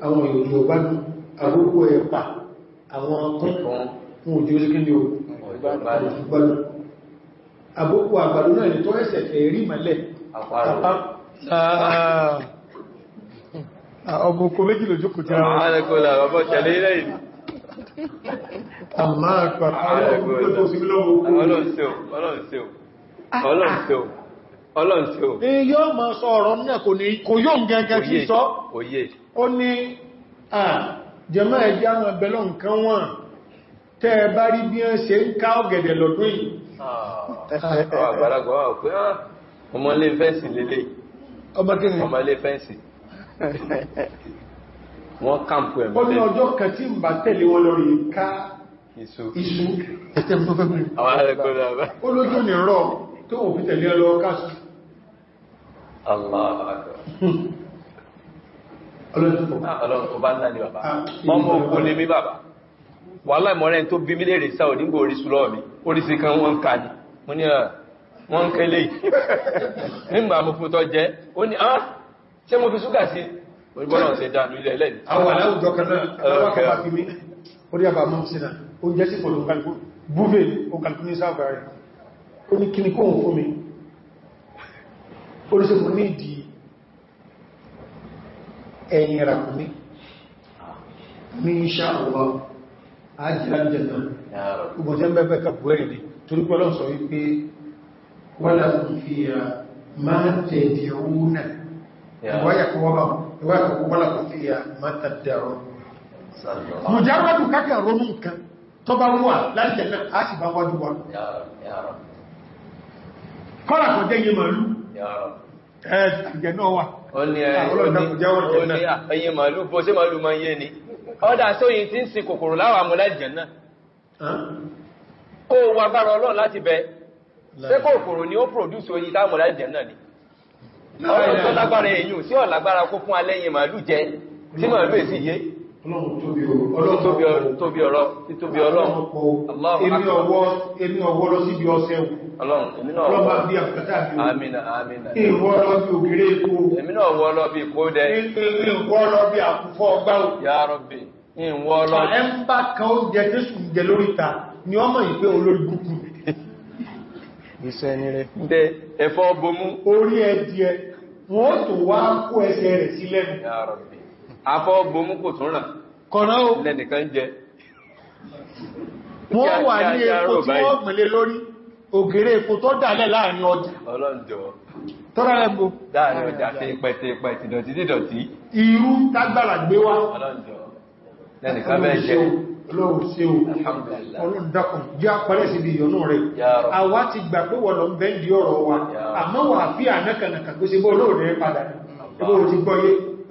àwọn ìròyìn ọ̀gbádùn àgbókò ẹ̀pà àwọn akẹ́kọ̀ọ́ fún òjò síkíndì ọ̀gbádùn àgbókò àgbàdùn náà tó ẹsẹ̀ fẹ̀ rí mẹ́lẹ̀ ah. ah, ọmọ oko méjì ló jókòó tí àwọn alẹ́kọ́lá ọmọ tẹ̀lé ilẹ̀ ìlú àmà àpapọ̀ ọlọ́nṣẹ́ ọlọ́nṣẹ́ yóò máa sọ kò yóò gẹ́gẹ́ kí sọ òye ó ní à jẹmọ́ ẹjẹ́ àwọn abẹ́lọ́ nǹkan wọ́n tẹ́ ẹ bá rí bí ẹ́ ṣe ń ká ọ̀gẹ̀dẹ̀ lọ́dún yìí ah, ah, ọmọlé fẹ́ǹsì lélẹ̀ ọmọlé fẹ́ǹsì wọ́n kàmpù ẹ̀mọ́ ó ní ọjọ́ kan tí ń bá tẹ̀lé wọn lórí ká iṣu ẹ̀tẹ́ mọ́ fẹ́ mẹ́rin ó lójú ní rọ tó òfin tẹ̀lé ọlọ́run ah, bá ń náà ní bàbá ọmọ òkú ní mí bàbá wàhálà ìmọ̀rẹ́ tó bí mílẹ̀ rẹ̀ sáà nígbò orí súlọ́ mi oríṣi kan wọ́n ká ní mo ní ah, wọ́n kẹ́lẹ̀ nígbà mo fún tọ́ jẹ́ ó ní ah ṣé mo fi ṣúgà sí orígbọ́nà ṣe dánú ilẹ̀ lẹ́ni àwọn aláwùjọ kan náà ah, wọ́n kọ́ ẹ̀yìn ràkúnmí ní ṣá ọ̀wọ́ ajílájẹ̀ náà gbogbo jẹ́ mẹ́fẹ́ kàbúrẹ̀ ni torí pé Ọlọ́run sọ wípé wọ́n láti fi máa tẹ̀dẹ̀ òunà ìwáyàkọ̀wọ́ Kọ́lá kọjẹ́ yẹ màálù, ẹ̀ẹ́dì àjẹ̀ náà wà, ó ní ah, ẹ̀yìn ah, màálù bó sí màálù ma ń yé ni ọ́dá sóyìn tí ń sin kòkòrò láwà mú láì jẹ̀nà kó wà bára ni ó pòdúsù oyin láwà mú láì jẹ̀nà ni ọ̀rọ̀ tó lágbára èyí sí ọ̀lágbára kó fún alẹ́yìn màálù jẹ tí màálù èsì yé Tóbi ọ̀rọ̀, títóbi ọ̀rọ̀. Èmi ọwọ́ lọ síbi ọ̀sẹ̀ wù. Ọlọ́run bá bí àpẹta bí o. Àmìnà, àmìnà. Ìwọ́ lọ bí ògèrè epo. Èmi náà wọ́ lọ bí ìpó dẹ. Ìwọ́ lọ bí àkúfọ́ ọgbá o. Ya Rabbi, ìwọ́ lọ. Ẹ ń bá kan oúnjẹ tí sùn jẹ lórí ta ni ọmọ ìpé olórí búkú. Iṣẹ́ ni rẹ̀. Dẹ ẹ̀fọ́ bomú. Orí ẹ̀ díẹ̀, wọ́n tó wá kó ẹsẹ̀ rẹ̀ sílẹ̀. Ya Rabbi. afọ́ bomú kò tún ràn kọ̀nà ó lẹ́nìkan jẹ wọ́n wà ní epo tí wọ́n gbìnlẹ̀ lórí ògèrè epo tó dálẹ̀ láàrin ọjà ọlọ́njọ́ tọ́rọ ẹgbò dáàrin ọjà tí pẹ̀tẹ̀ pẹ̀tẹ̀ dọ̀tí dídọ̀tí irú tágbàrà gbé wá ọlọ́njọ́ lẹ́nìkan bẹ́ẹ̀ jẹ́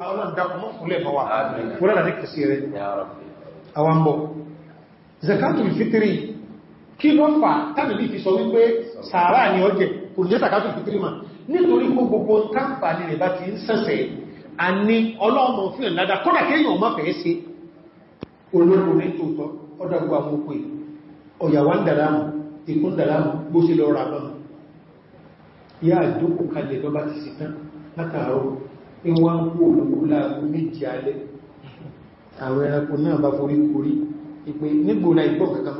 ọlọ́run dákùn mọ́ fúnlẹ̀ fọwà fúnlẹ̀ láti kìsí rẹ̀ àwọn mọ́ zakatul fitri kí ló fà tàbí bí fi sọ wípé sàárà ni ọjẹ́ kò jẹ́ zakatul fitri ma nítorí gbogbo tàbà ní rẹ̀ bá ti ń sẹ́sẹ̀ a ní ọlọ́ọ̀mọ̀ fún ìlàdà kọ́nà kí èyàn máa fẹ̀ẹ́ sí olóòrùn ní tòótọ́ ọdá gbogbo àwọn òkú ọ̀yàwó ń dàrámù ìkún dàrámù gbóṣèlọ́ra náà yá àjókù kalẹ̀ lọ́bá ti sì tán pé wọ́n ń kó olùkú láàrín méjì alẹ́ àwọn ẹranko náà bá forí korí ìpé nígbòlá ìgbọ́ kankan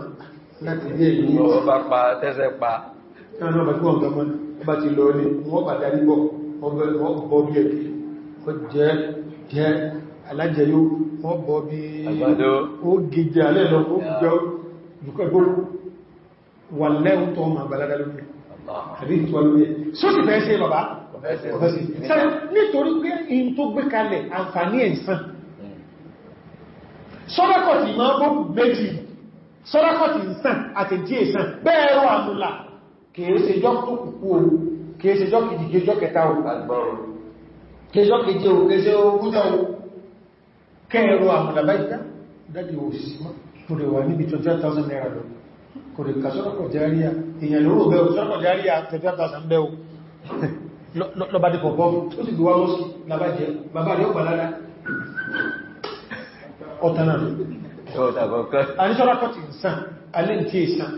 láti bí ẹ̀yìn ọba pa tẹ́sẹ̀ pa náà bá gbọ́n gama bá ti lọ ní wọ́n bá darí bọ́ ọbọ̀ bí ẹ̀kì ó jẹ́ jẹ́ alájẹyó wọ́n bọ́ bí ó gẹjẹ alẹ́ lọ ó jẹ́ jùkọ́ ìgbóró wà lẹ́un tó ọmọ àgbàládà lórí àbí ìtọ́ lórí sósì fẹ́ sí bàbá nítorí pé in tó gbé kalẹ̀ àǹfàní ẹ̀sán sọ́dọ́kọ̀tì máa bó méjì sọ́dọ́kọ̀tì ìsàn àti jí ìsàn bẹ́ẹ̀rọ àmúlà kèése jọ́ tó kùkú o kèése jọ́ kìí kèé jọ́ kẹta o kèé jọ́ kèé jẹ́ o kèése ogúnjọ́ o kẹ́ẹ̀rọ àmúlà báyìí dájí o sì mọ́ kò rẹ̀ wà níbi 20,000 naira lọ kò rẹ̀ kà sọ́dọ́kọ̀ járíà èèyàn lóró bẹ́ lọ́bàdé kọ̀kọ́ ó sì gbówá lọ́sí lábájẹ́ bàbá rẹ̀ ó gbà lára ọ̀tànà àníṣọ́lá kọ́tí ìsàn alẹ́ tí è sàn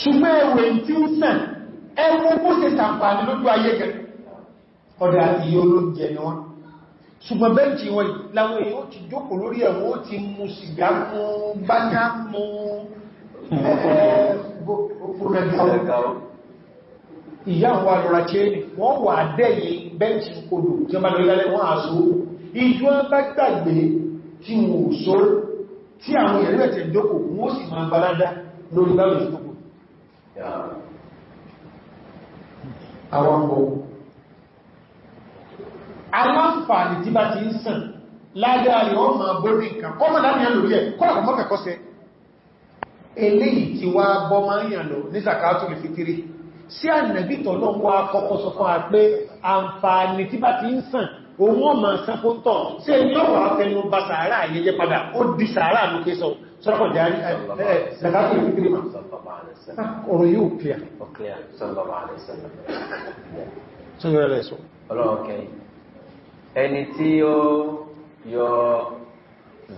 ṣùgbọ́n ẹwẹ̀ tí ó sàn ẹwọ bó ṣe sàǹfààní lójú ayé gẹ̀ ọ̀dà ìyẹ olóúnjẹ ni wọ́n ṣùgbọ́n bẹ́ǹkì wọ́n láwọn èèyàn ó ti jókòó lórí ẹ̀wọ́n ó ti mu sìgá mú bájá mú ẹ̀ẹ́ ìyá àwọn alọ́ra chéèlì wọ́n wà dẹ́yẹ bẹ́ǹkì kodò tí ọmọ lọ́lẹ́lẹ́ wọ́n àṣò ìjú ọba gbàgbé tí wọ́n sọ tí àwọn ìrẹ́lẹ̀ tẹ̀ jókò wọ́n sì máa balada lórí bá lọ́sọ́kò àwọ̀pọ̀ aláǹfààní tí bá ti ń sàn ládàá rẹ̀ wọ́n máa borí nǹkan sí ànàbí tọ̀lọ́ wá kọ́kọ́ sọ fún àpé àǹfààní tí bá ti ń sàn òun ọmọ sàn fún tọ̀ sí ẹni ọwọ́ afẹnu bá sàárà ayẹyẹ padà ó di sàárà ló ké sọ sọ́rọ̀kọ̀ járí ẹ̀ẹ́sẹ̀láfẹ́ ìfìdírímà ọ̀rọ̀ yóò kíà ẹni tí ó yọ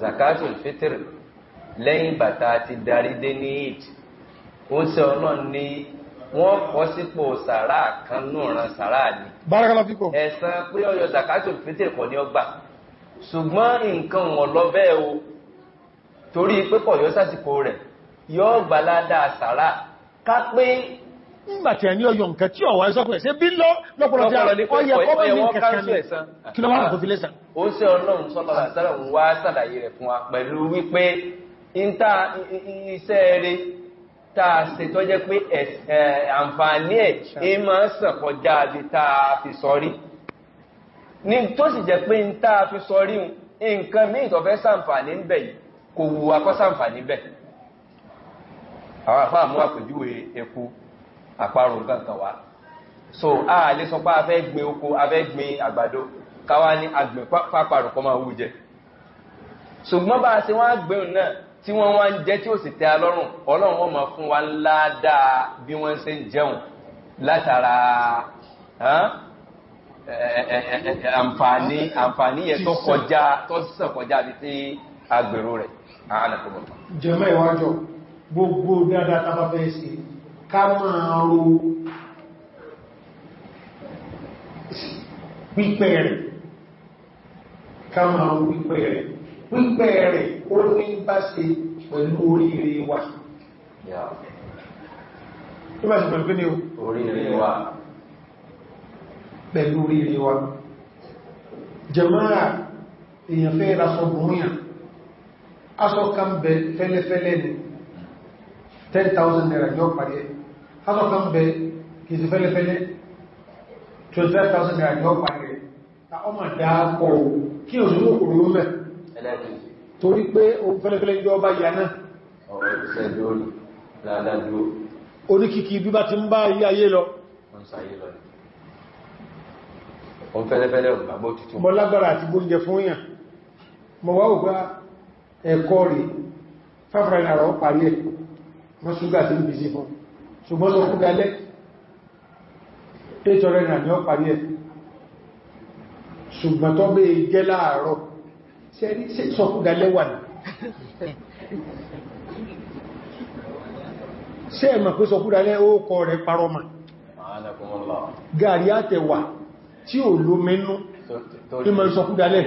zakatul fitr lẹ́yìn bàtà ti darí dé ní ìtì ó sẹ́ ọlọ́n ní wọ́n kọ́ sípò sàrá kan náà ran sàrá ni. bárakàlá fíkọ. ẹ̀sán pé ọyọ zakato fitiri kọ́ ni ó gbà ṣùgbọ́n nǹkan wọn lọ bẹ́ẹ̀ o torí pé kọ̀ yọ sásìkò rẹ̀ yọ gbalada sàrá ká pé nígbàtí ẹni ọyọ nǹkan tí ọwà ẹsọ́kọ̀ ẹ̀ṣẹ́ bí lọ lọ́pọ̀lọ́ tí ó yẹ kọ́ bẹ́ ní táa ṣe tó jẹ́ pé àǹfààní ẹ̀ ẹ máa ń sàn kọjá àbí táa fi sọrí ní tó sì jẹ́ pé ń táa fi sọrí nǹkan míì tó fẹ́ sàǹfààní ń bẹ̀ kò wù akọ́ sàǹfààní bẹ̀ àwọn àfáà mú àpèjúwe eku àparò so a lè sọ pé a fẹ́ gbin oko a fẹ́ gbin àgbàdo káwa ní agbìn náà tí wọ́n wá ń jẹ́ tí ó sì tẹ́ alọ́rùn ọlọ́run wọ́n máa fún wa ládàá bí wọ́n ṣe ń jẹun látara àǹfààní àǹfààní yẹn tó kọjá tó sísàn kọjá bí tí agbèrò rẹ̀ àánàkọ́bọ̀tọ̀. rẹ̀ ká máa ro pípẹ́ rẹ̀ pípẹ́ rẹ̀ ó ní bá ṣe pẹ̀lú oríire wa tó bá ṣe pẹ̀lú pé ní oríire wa pẹ̀lú oríire wa jẹmọ́ra èèyàn fẹ́ rasọ bùnúyàn aṣọ kan bẹ fẹ́lẹ́fẹ́lẹ́ ni 10,000 naira yọ parí ẹ̀ aṣọ kan bẹ kìí sí fẹ́lẹ́fẹ́lẹ́ 25,000 naira yọ parí ẹ̀ ta ọmọ dáa pọ̀ kí òṣèlú òkúrò mẹ́ torí pé ohun fẹ́lẹ́fẹ́lẹ́ ìjọ ọba ìyà náà oníkìkì bí bá ti ń bá ayé ayé lọ mọ́ lágbára àti gbóúnjẹ fún yàn mọ́ wá ògbá ẹ̀kọ́ rí fáfàrà ìrànà parí ẹ̀ mọ́ ṣúgà tí ń bí sí sẹ́rí sọ́kúdà lẹ́wà ní ṣe ẹ̀mà pé sọ́kúdà lẹ́ ó kọ rẹ̀ parọ́mà gàrí àtẹ̀wà tí ò ló mẹ́nú ìmọ̀ sọ́kúdà lẹ́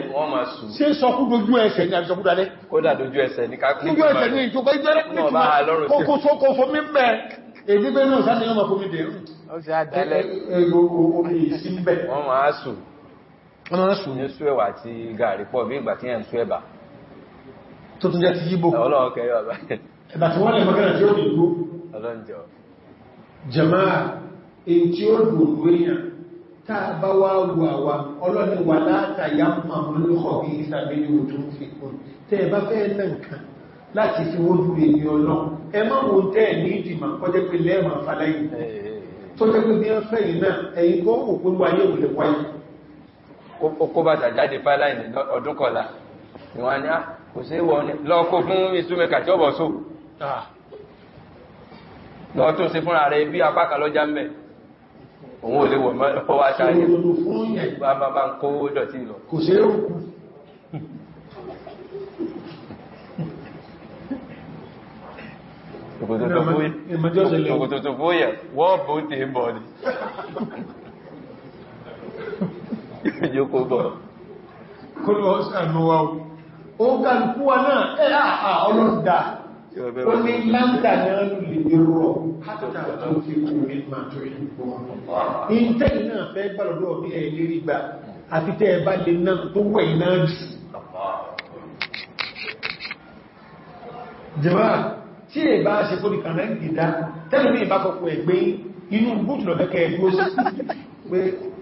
ṣe sọ́kúdà ojú ẹsẹ̀ ní àbísọ́kúdà lẹ́ kódà dojú ẹsẹ̀ ní káàkiri Èdí bẹ́ẹ̀ náà sáà ni wọ́n máa sùn ní sú ẹ̀wà àti gààrí pọ̀ bí ìgbà tí ẹ̀ ń sú ẹ̀bà tó tún jẹ́ ti yíbò ẹ̀bà tí wọ́n lè mọ́kànlá tí ó lè gbó jama'a èyí tí ó dùn lóyìn táà bá wá wù àwà ọlọ́ni wà látàyà mọ̀lúkọ̀ bí ìsàbílì ojú fi kún tẹ́ bá fẹ́ ẹ̀nà nǹkan láti fi wójú èyí ọlọ́run ẹ má wo tẹ́ ní ìdìmà kọjẹ́ pé lẹ́ẹ̀mà fàlẹ́yìn kó bàtà jáde fáláìní ọdún kọlá ìwọ̀n ni á ah, kò sí wọ́n ni lọ́kọ́ fún ìsúnmẹ́kà tí ó bọ̀ só lọ́ tó sí fúnra rẹ̀ bí apákà lọ́já mẹ́ òun ò lè wọ̀ mọ́ wá ṣáyé bàbá jókòó bọ̀ kó lọ ṣàánú wa ó kàlùkú wa náà ẹ́ àà ọlọ́dà ó ní láńtà náà lè rọ̀ hátà tó fi kú ní màtúrí ìtẹ́ náà fẹ́ gbàlọ́dọ̀ ní ẹ̀lérí gbà àti tẹ́ ẹ̀bá lè náà tó wẹ̀ náà jù jẹ́máà tí è bá ṣe fún ìkànnà ìdá tẹ́lùmí ìbákọ̀kọ̀ ẹ̀gbé inú búùtù lọ́fẹ́kẹ́ ẹ̀gbó sí pé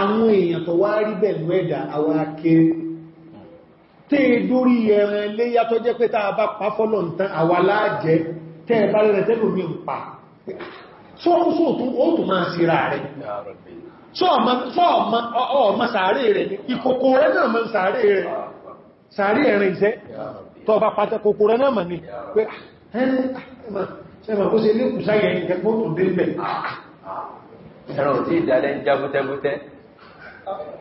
àwọn èèyàn tó wá rí bẹ̀lú ẹ̀dà àwọn akẹrẹ tí è dórí ẹran lé yàtọ̀ jẹ́ pé tàà bá pa fọ́lọ̀ ǹtán àwà láàjẹ́ tẹ́ ẹ bá rẹ̀ tẹ́lò mi ń pa sọ́ọ̀tún máa síra rẹ̀ sọ́ọ̀mọ́ sàárè rẹ̀ ìkòkò rẹ̀ náà mọ́ sàárè rẹ̀ sàárè ẹ̀rin iṣẹ́ tọ́ bá pàtẹ kòkò rẹ̀ náà ah, mọ̀ ní pé ẹ̀rọ tí ìdálẹ́ ń jábútẹ́bútẹ́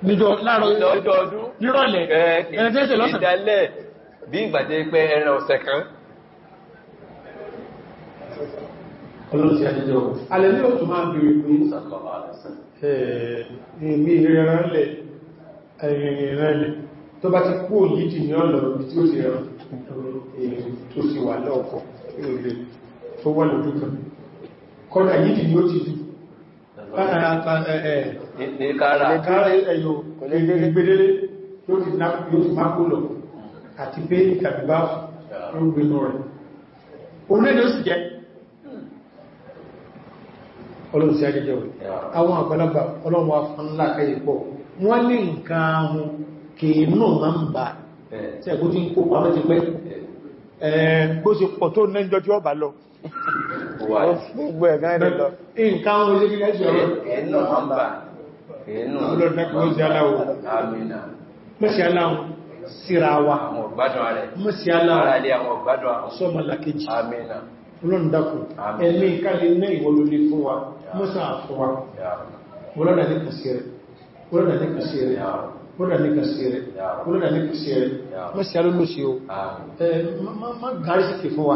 lọ́dọọdún nírọ̀lẹ̀ ẹ̀rẹ́tẹ́sẹ̀ lọ́sàn ìdálẹ̀ bí ìgbàjẹ́ pé ẹran ọ̀sẹ̀ kan tó bá ti kú òyíjì ní ọ̀nà ibi tí ó ti rán tó sì wà lọ́ọ̀kọ̀ tó wà lójú kan kọ́nà yíjì ni ó ti dù ní kára ẹ̀yọ ìgbèdélé yóò ti máa kó lọ àti pé ìkàbíbá yóò gbé lọ rẹ̀ orílẹ̀-èdè ó sì jẹ́ ọlọ́run sí ajẹ́jẹ́ rẹ̀ àwọn àgbàlagbà ọlọ́run wa fún ńlá kẹ́yẹ pọ̀ wọ́n lè nǹkan ahun kèénù máa ń bà tí ẹ̀kú tí ń kó pàmọ́ ti pẹ́ bó ṣe pọ̀ tó nẹ́jọ́ tí Ọlọ́run dákùn, ẹ̀mí ìkàlẹ̀ iná ìwọlúlé fún wa, mọ́sá fún wa, wọ́lọ́dà ah, ní kò sí rẹ̀, wọ́lọ́dà ní kò sí rẹ̀, wọ́lọ́dà ní kò sí rẹ̀, wọ́lọ́dà ní kò sí rẹ̀, mọ́sí alólóṣe o, má gárí sí kè fún wa,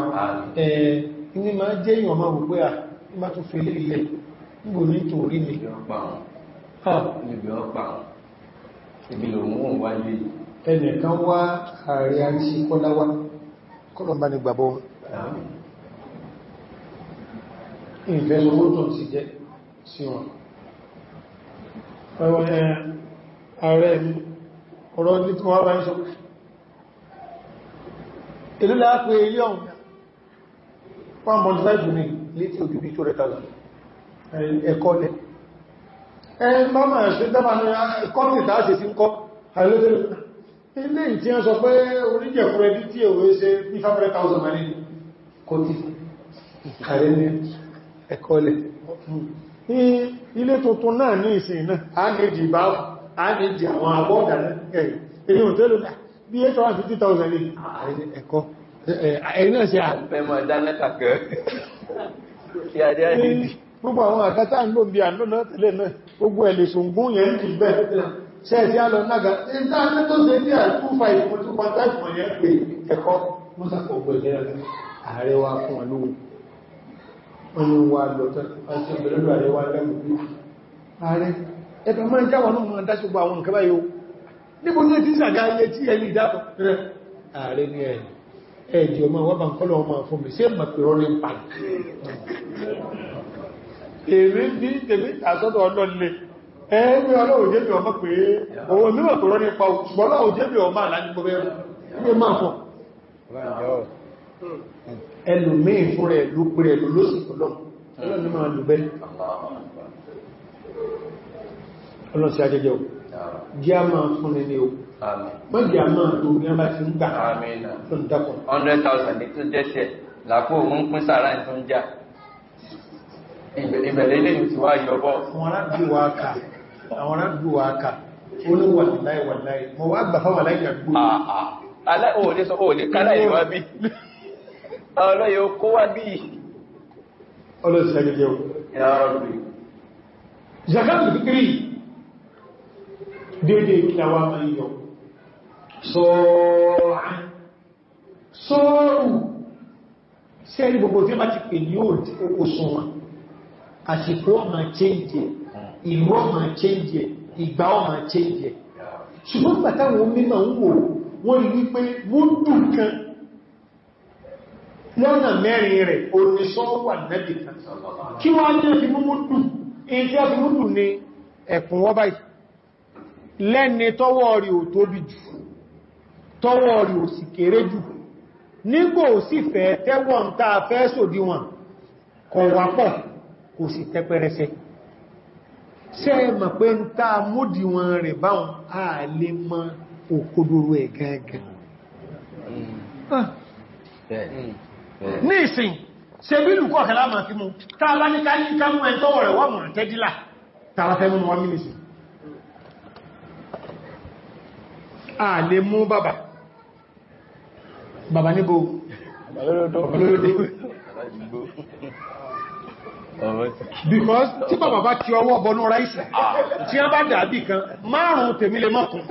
ẹ̀ẹ́ níbi ọ̀pá ibi lòun wọ́n wá lè ẹnìkan wá ààrẹ àríṣí kọ́láwá kọ́lọ̀mbá ni gbàbọ́ ìfẹ́ tó ti jẹ́ sí wọn ààrẹ ọ̀rọ̀ ní tí wọ́n bá ń sọ ìlú láàpẹ ilé ọ̀hún 1.5 million létí òjú bí tó rẹ̀ tààlà ẹ̀kọ́ lẹ́ẹ̀ mọ́mọ̀ ṣùgbọ́n kọ́pìtà ṣe sí ń kọ́ àìlótẹ́lú ilé tí a sọ pé oníjẹ̀kúrẹ́ bí tí èwé ṣe ní 500,000 mẹ́rin kò tí kàrẹ ní ẹ̀kọ́lẹ̀ ilé tuntun náà ní ìsìn náà a ní ìdí bá a ní ìdí àwọn agbọ́dà ẹ̀yìn gbogbo àwọn àkátà ń lò bí àánú náà tẹ́lẹ̀ náà gbogbo ẹ̀lẹ̀ ṣùgbọ́n yẹn kì bẹ́ ṣẹ́ẹ̀tí àlọ́ nága ìdáná tó ṣe ní àtúfà ìfòtúpátá ìfòyẹ́ pé ẹ̀kọ́ mọ́sàkọ̀ọ̀gbọ̀ ìlera ààrẹ wa fún ọlọ́wọ́ ọyún wa lọ́tọ́ àti ìbẹ̀lẹ́lú ààrẹ wa lẹ́gbẹ̀ẹ́ ààrẹ ẹ̀tọ́ máa ń jáwọ̀ náà máa dáṣùgbọ́ àwọn nǹkan báyìí níbo ní ti sàgá ayé tí ẹni ìdápọ̀ ààrẹ ní ẹ̀ ẹ̀jì ọmọ wọ́n bá ń kọ́lọ̀ ọmọ fún mi sí ẹ̀mà pẹ̀rọ ní pàdé èmi bí tèmi tàṣọ́dọ̀ ọlọ́lẹ̀ ẹgbẹ́ ọlọ́run jẹ́bì ọmọ pé owó mímọ̀ tó rọ́ nípa ṣùgbọ́n ọlọ́run jẹ́bì ọmọ àlájúgbọ́ bẹ́rún ẹgbẹ́ máa fọ́ ẹlùmíì fún rẹ̀ ló pẹ̀rẹ̀ lólóṣì ọlọ́run Mọ́jì àmà tó ní ọba ti ń gbà. Àmì ìnà. Tó ń dápọ̀. 100,000 ní tó jẹ́ ṣẹ̀, làkó òun pín sàárá ìtún jà ìbẹ̀lẹ̀ ilé ti wá yọbọ́ àwọn arábíwá aka olówà láì wà láì mọ̀ wá gbà fáwà ah, ah. láì àgbò aláìwọ̀lé sọ òòlé kálá ìwà bí ọlọ́yẹ okó wá bí ọlọ́sẹ̀lẹ̀ Sọ́ọ̀rù sí ẹni gbogbo tí ó bá ti pè ní òṣùnwọ̀n àsìkò ọmọ change ìlú ọmọ change ìgbà ọmọ change ṣùgbọ́n pàtàwọn mímọ̀ ń wò wọ́n rí wípé múdù kan lọ́nà mẹ́rin rẹ̀ oníṣọ́ wà nẹ́bì kan kí wọ́n ní ọdí múdù in tí a fi múdù ní ẹ̀kùn wọ́bá lẹ́ni tọ́wọ́ rí ò sì kéré jù nígbò sì fẹ́ tẹ́wọ́n tàà fẹ́ sòdíwọ̀n kọ̀wàpọ̀ kò sì tẹpẹrẹsẹ ṣe mọ̀ pé ń tá múdì wọn rẹ̀ báwọn a lè mọ òkúdúrú ẹ̀ gangan hmm. ah. hmm. ní ìsìn ṣe bí lùkọ́ ọ̀kẹ́lá máa fi mú tàà bá ní káyíká mú ẹ tọ́wọ̀ rẹ̀ wọ́n mọ̀ tẹ́dílà tàà fẹ́ mú wọn mínísì a because tí bàbá bá kí ọwọ́ bọnú ráìsì tí a bá dàbí kan márùn-ún tèmi lè mọ́kún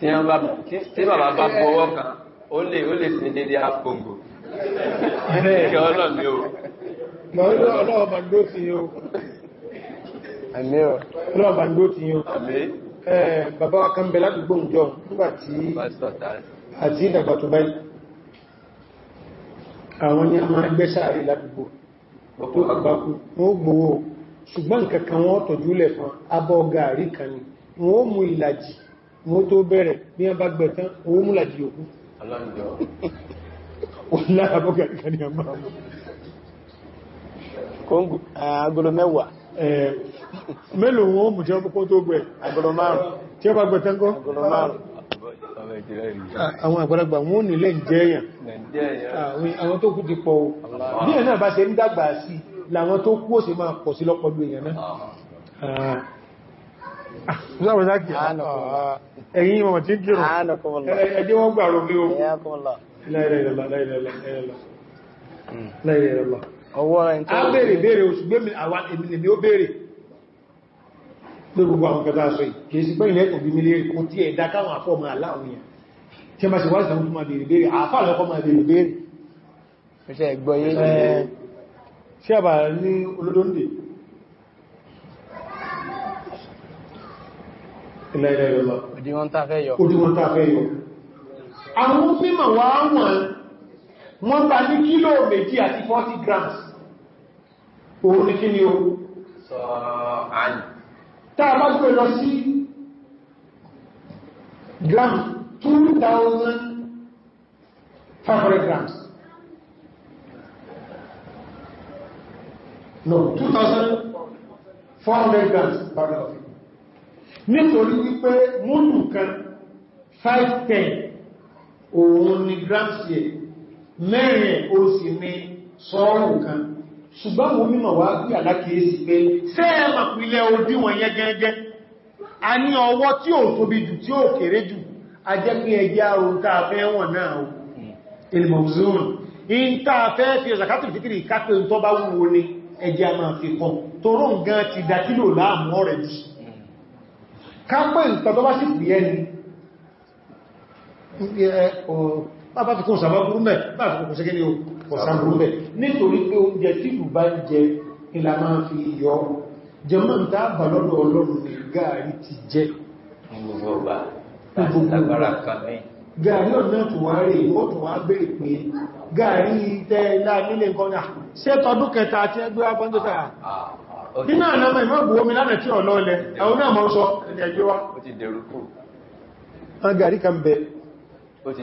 tí bàbá bá fọwọ́ kan ó lè ó lè sí dédé àkóngò kí ọlọ́mí o ọlọ́ọ̀bà ń dó ti yíò bàbá kan bẹ ládùgbò ìjọ nígbàtí àti ìdàgbàtúbáì àwọn ni a máa gbẹ́sàárì ládùgbò tó àgbàkú wọ́n gbówó ṣùgbọ́n kankan wọ́n tọ́jú lẹ̀ fún abọ́ gàárì kan ni wọ́n mú ìlàjì wọ́n tó bẹ̀rẹ̀ bí wọ́n bá gbẹ̀tán wọ́n mú làjì òkú agolo mẹ́wàá àwọn àgbàlagbà wọn ò nílé jẹ́yàn àwọn tó kú ti pọ̀ o bí ẹ̀ náà bá ṣe ń dàgbà sí làwọn tó kú ó sì máa pọ̀ sí lọ́pọ̀lú èèyàn náà ẹ̀yìn wọn tí kírò ẹjẹ́ wọ́n gbà rọ̀gbé o láìrẹ̀lá pé gbogbo àwọn kẹta sọ kìí sí pé ilẹ̀ ẹ̀kọ̀ bí mílé kò tí ẹ̀dá káwọn àfọ́mà aláwọn èèyàn tí a bá sì wá ìsànkú máa bèèrè bèèrè àfáà lọ́kọ́ máa bèèrè bèèrè ẹ̀ṣẹ́ ẹ̀gbọ́ yẹ́ ṣe àbà grams òun ní kí sọ̀rọ̀ àyìn tá a bá gbé lọ sí gram 2,500 grams no 2,400 grams bàbá ọ̀fẹ́ nítorí wípé múlù kan 510 òun ni grams yẹ mẹ́rin ó sì ní sọ́ọ̀rùn kan ṣùgbọ́n wo mímọ̀ wá bí alákìísí pé ṣe é màpìlẹ̀ òdí wọn yẹ gẹ́gẹ́ a ní ọwọ́ tí ó tóbi jù tí ó kéré jù a jẹ́ pé ẹgbẹ́ àrùn tàà fẹ́ wọn náà o ilmọ̀zún in tàà fẹ́ fi ọ̀sàkátù fìtìrì kápẹ́ tó bá wúwo ní ẹjẹ́ a máa fi kan toró nǹkan ti kún sàbá burú mẹ́ bá fi kún sẹ́gẹ́ ni o ọ̀sánrúmẹ̀ nítorí pé oúnjẹ tí ìlú bá jẹ ìlà máa fi yọ jẹmọ́ ń dáàbà lọ́dọ̀ ọlọ́run ní gáàrí ti jẹ́ gáàrí ọ̀nà Gaari wá rí ó tó wá bèèrè pé gáàrí tẹ́ láàrín nǹkan ṣe tọdún kẹta àti ẹgbẹ́ agbọ́njọ́ta nínú ah, àlọ́mà ah, ìmọ́gbò omi ó ti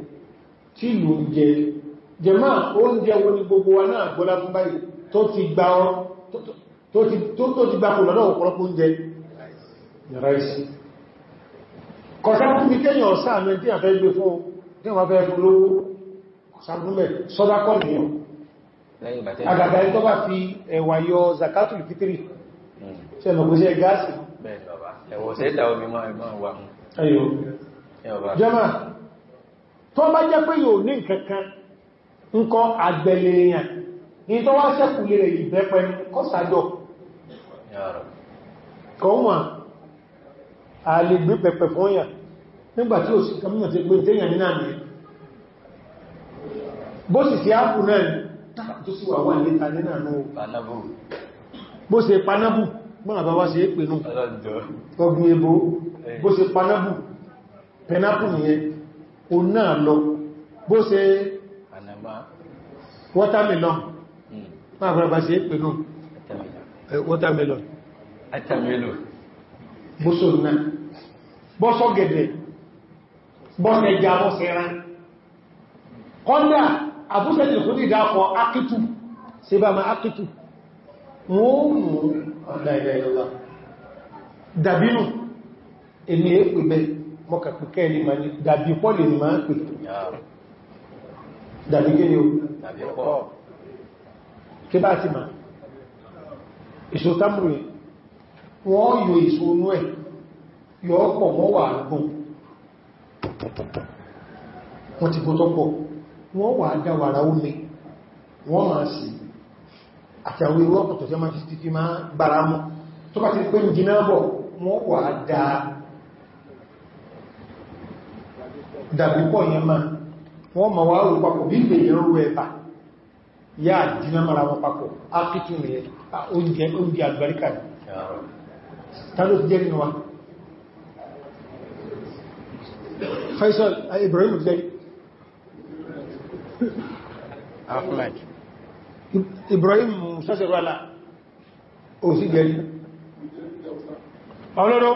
tí ìlú ń jẹ jẹmá oúnjẹ wo ni gbogbo wa náà gbọ́lá fún báyìí tó ti gba kò lọ́dọ̀ ọ̀pọ̀lọpọ̀ oúnjẹ ìrẹsì kọ̀sánkú bí kẹ́yàn ọ̀sá àmì tí a fẹ́ gbé fún tí wọ́n fẹ́ fún lówó kọ̀sánkú mẹ́ sọ́dákọ̀ nìyàn àgàgà ẹ̀tọ́ bá fi ẹ̀wà yọ zakatul fitri ṣe mọ̀ kò sí ẹ̀ gáàsì tó bá jẹ́ pé yóò ní nǹkankan nǹkan àgbẹ̀lẹ̀ èèyàn ní tó wá sẹ́kù lè ìbẹ́pẹ kọ́sàdọ̀ kọ́wọ́n àlègbé pẹ̀pẹ̀ fún yà nígbàtí ò sí kàmínà ti gbé tẹ́yà ní náà nìyà bó sì sí ápù náà tó sì wà wà níta ní náà náà o náà lọ bó ṣe watermelon máa hmm. fẹ́ bá ṣe pè náà watermelon eh, bóṣò náà bọ́ṣọ́ gẹ̀dẹ̀ bọ́ṣẹ̀ ìjà bọ́ṣẹ̀ rán kọ́ndà àbúṣẹ́lẹ̀ kò ní ìdápọ̀ akitu sí bá ma akitu wọ́n mú ọ̀dá ìdá ìlọ́lá dàbínú èmì èpè bẹ́ẹ̀ mọ́kàpùkẹ́ lè máa ní dàbí pọ́ lè máa pè dàbí kí ni ó dàbí pọ́ kí bá ti máa èso tábùrù wọ́n yọ èso onú ẹ̀ yọ ọ̀pọ̀ mọ́ wà gùn wọ́n ti bó tọ́pọ̀ wọ́n wà dá wàrà omi wọ́n máa sì àti àwọn ìwọ́pọ̀ tó tẹ́ máa fi títí dàbíkọ̀ yẹn máa wọ́n ma wá rò papọ̀ bí ìpè yẹn rú ẹ̀bà yá àdínà mara wọn papọ̀ ápìtì rẹ̀ oúnjẹ oúnjẹ àgbàríkà tàbí jẹ́ nínú wa Faisal Ibrahim jẹ́ Ibrahim sọ́sẹ̀rọ̀ alá òsì jẹ́ ọlọ́rọ̀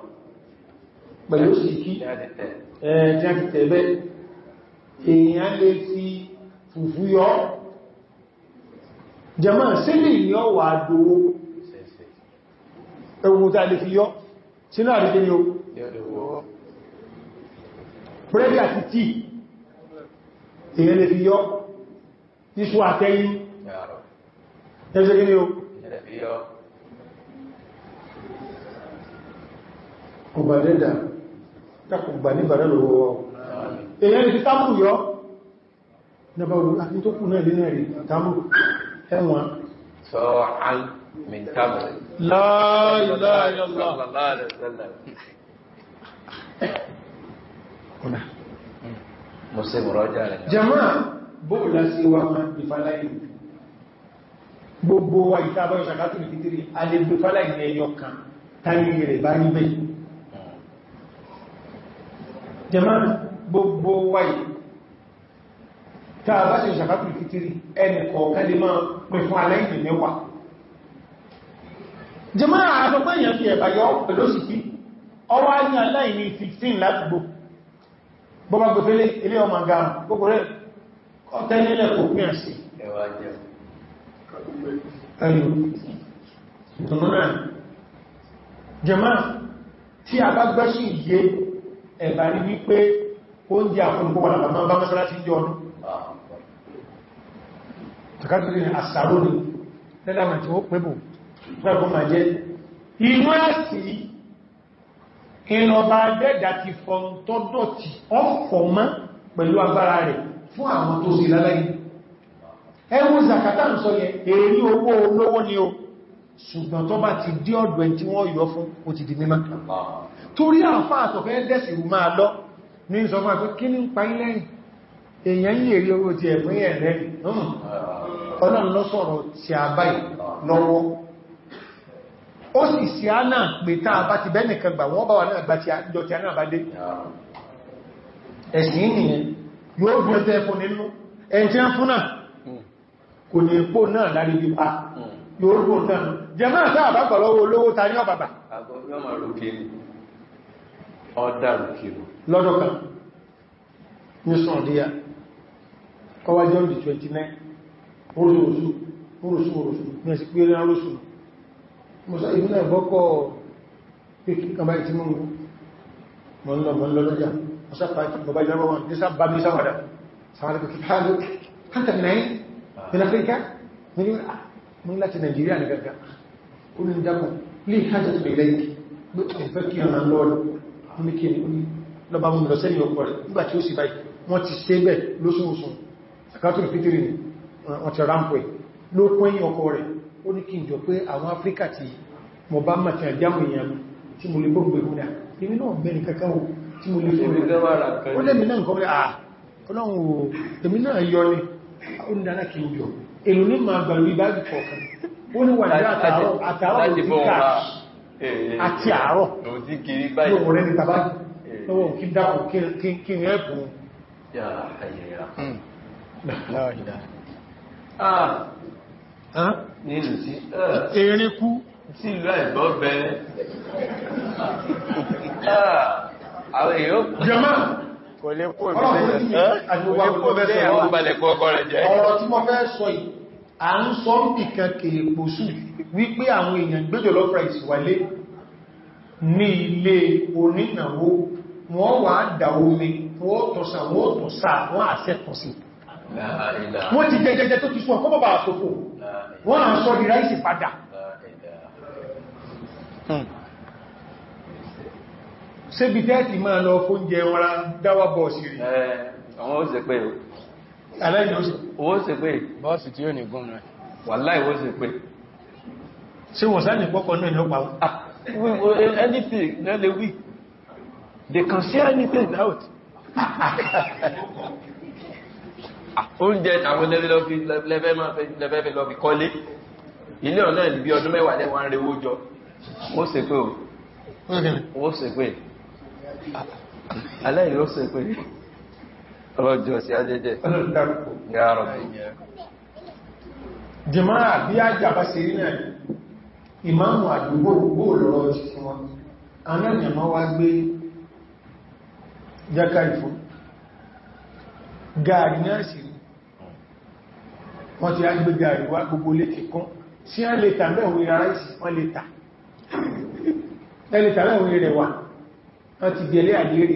pẹ̀lú sí kí tí a ti tẹ̀lẹ̀ èèyàn lè fi fùfú yọ jẹmọ́ sílẹ̀ ní ọwà àdówó ẹwùn tàà lè fi yọ sínú àdíké ni ó brẹ́dì àti tí èèyàn lè fi yọ iṣu àtẹ́yìn ẹjẹ́ kí ni ó ọba dẹ́dàá dákùn gbà ní bàrẹ́ lọ́wọ́ èyàn ti tábù yọ́ nígbà olú àti tó kù náà lẹ́nà rí tábù ẹwọ̀n sọ́ọ̀án min tábù la ilaha illallah jama'a bóòlá sí wa máa ìfàláì gbogbo wa ìtàbọ̀ ìṣàkátù ìfìtìrí alẹ́gbẹ̀fàláì ẹyọ kan tàbí rẹ̀ bá níbẹ̀ jẹmọ́ gbogbo wáyé tàà bá ṣe ṣàkàtù fitiri ẹni kọ̀ọ̀kan lè máa pín fún aláìsì mẹ́wàá jẹmọ́ àtọ́pẹ́ èèyàn fi ẹ̀bà yọ pẹ̀lú òsìkí ọwá ní aláìní 15 látìgbò bọ́bá gbẹ̀fẹ́lé ilé ọmọ gàm gbogbo rẹ̀ ọ̀tẹ́lẹ́lẹ̀ kò pín àṣì ẹwà jẹ́ jẹmọ́ tí a bá gbẹ́ṣì yé ẹ̀bà ní wípé oúnjẹ àkọ́gbọ́ wà bàbá bá mọ́sánláti jọ ọdún takàtìrí ní àṣàrò ní lẹ́làmà tí ó pẹ́bù pẹ́bù ma jẹ́ inú ẹ̀sì ìlọba dẹ́dà ti fọn tọ́dọ̀ tí ọkọ̀ mọ́ pẹ̀lú agbára rẹ̀ fún àwọn o ṣùgbọ́n tó bá ti dí ọ̀dọ̀ ẹni tí wọ́n yọ fún ó ti di mímọ̀ torí àfá àtọ̀fẹ́ dẹ̀sì rú máa lọ ní ìsọfún àti kí ní ń pa ilẹ̀ èèyàn yìí rí owó ti ẹ̀fún ẹ̀rẹ́ hmm. ọlọ́run a bá ti bẹ́ nìkan gbà wọ́n bá wà náà gbà ti àjọ ti ánà bá dé ẹ̀sìn ìnìyàn yóò bí ọjọ́ ẹ̀fún nínú ẹ̀ntí á fún náà hmm. kò ní epo náà lárí bí pa hmm. yóò rò náà jẹmọ́ sáà bá gbà lọ́wọ́ olówó ta ní ọ̀bàbà lọ́dọ̀ kan ní sọ̀díyà kọwàá jọ́ 29 orúsù orúsù orúsù ní ẹ̀sì pé rẹ̀ orúsù mọ́sá ìbínà ìbọ́kọ̀ pẹ̀kì kàbá ìtí mọ́ mọ́lọ́ mọ́lọ́ lọ́jà mọ́sá pàákì bàbá ìjọba wọn ní sábà ní sáwàdà sáwàdà pẹ̀kì pàálù orin dákùn lè hajjá tó ilẹ̀ ìfẹ́ kí ọ̀nà lọ́ọ̀lù oníkèèrè oní lọba mú lọ sẹ́yìn ọkọ̀ rẹ̀ nígbà tí ó sì báyìí wọ́n ti ṣe bẹ̀ lóṣùwòsùn sàkátùrù fítìrì ti ní kí mo bá màtí àjámù èèyàn tí mo lè gbogbo ìmúdà èmi náà bẹ̀rẹ̀ kankan tí mo lè fẹ́ ó lẹ́mi náà nǹkan rẹ̀ à ọlọ́run èmi gbàlú ibájú kọ̀ọ̀kan ó ní wà ní àtàrà àti àárọ̀ lóòrùn rẹ̀ ní tàbá lọ́wọ́ kí dákò kí rẹ̀ bùn hmm. ah. erin kú sí ìlú àìbọ́ bẹ̀rẹ̀ ah. àwọn èèyàn jẹmọ́ kò lè kó ìbẹ̀rẹ̀ àwọn balẹ̀kọ́ ọkọ̀ rẹ̀ jẹ́ ọ̀rọ̀ tí mo fẹ́ sọ yìí a ń sọ ń bì kan kèrè pòsù wípé àwọn èèyàn gbẹ́jọ lọ́fà ìsìwálé ní ilé onínàwó wọ́n wà dà omi wọ́n tọ̀sà wọ́n tọ̀sà wọ́n àṣẹ́tọ̀sì wọ́n ti jẹjẹjẹ tó ti sún ọkọ́ bàbá àsòfò wọ́n à ń sọ di ráìsì padà hmm. ṣébi tẹ́ẹ̀tì máa lọ fóúnjẹ wọn dáwà bọ́ọ̀sì rí eh, àwọn ó ṣe pé ẹlẹ́yìn ó sì pé bọ́ọ̀sì tí ó ní gún rẹ̀ wàláì ó sì pé ṣe wọ̀n sáà ní pọ́kọ̀ náà ló pàá ah, anything náà lè wí they can say anything out ah, oúnjẹ àwọn lẹ́fẹ́ lọ fi kọ́lé ilé ọ̀nà ìbí ọdún mẹ́wàá lẹ́wàá ń rewó jọ ó sì pé ó sì pé aláìrí ó sì pé ah, ọlọ́jọ́ sí ajẹ́jẹ́ yàrọ̀ jẹmọ́ àbí àjàbá sí rí náà ìmáàmù àdúgbò gbóòlọ́rọ̀ ti fún wọn anáyàmọ́ wá gbé jákà ìfò gààrí náà sí rí wọ́n ti ágbé gààrí wá gbogbo lékè kún sí á lè tà mẹ́wìn ara ìsì wọ́n lè tà ẹlẹ́tà mẹ́wìn rẹ̀ wà wọ́n ti gẹ̀lẹ́ àdérè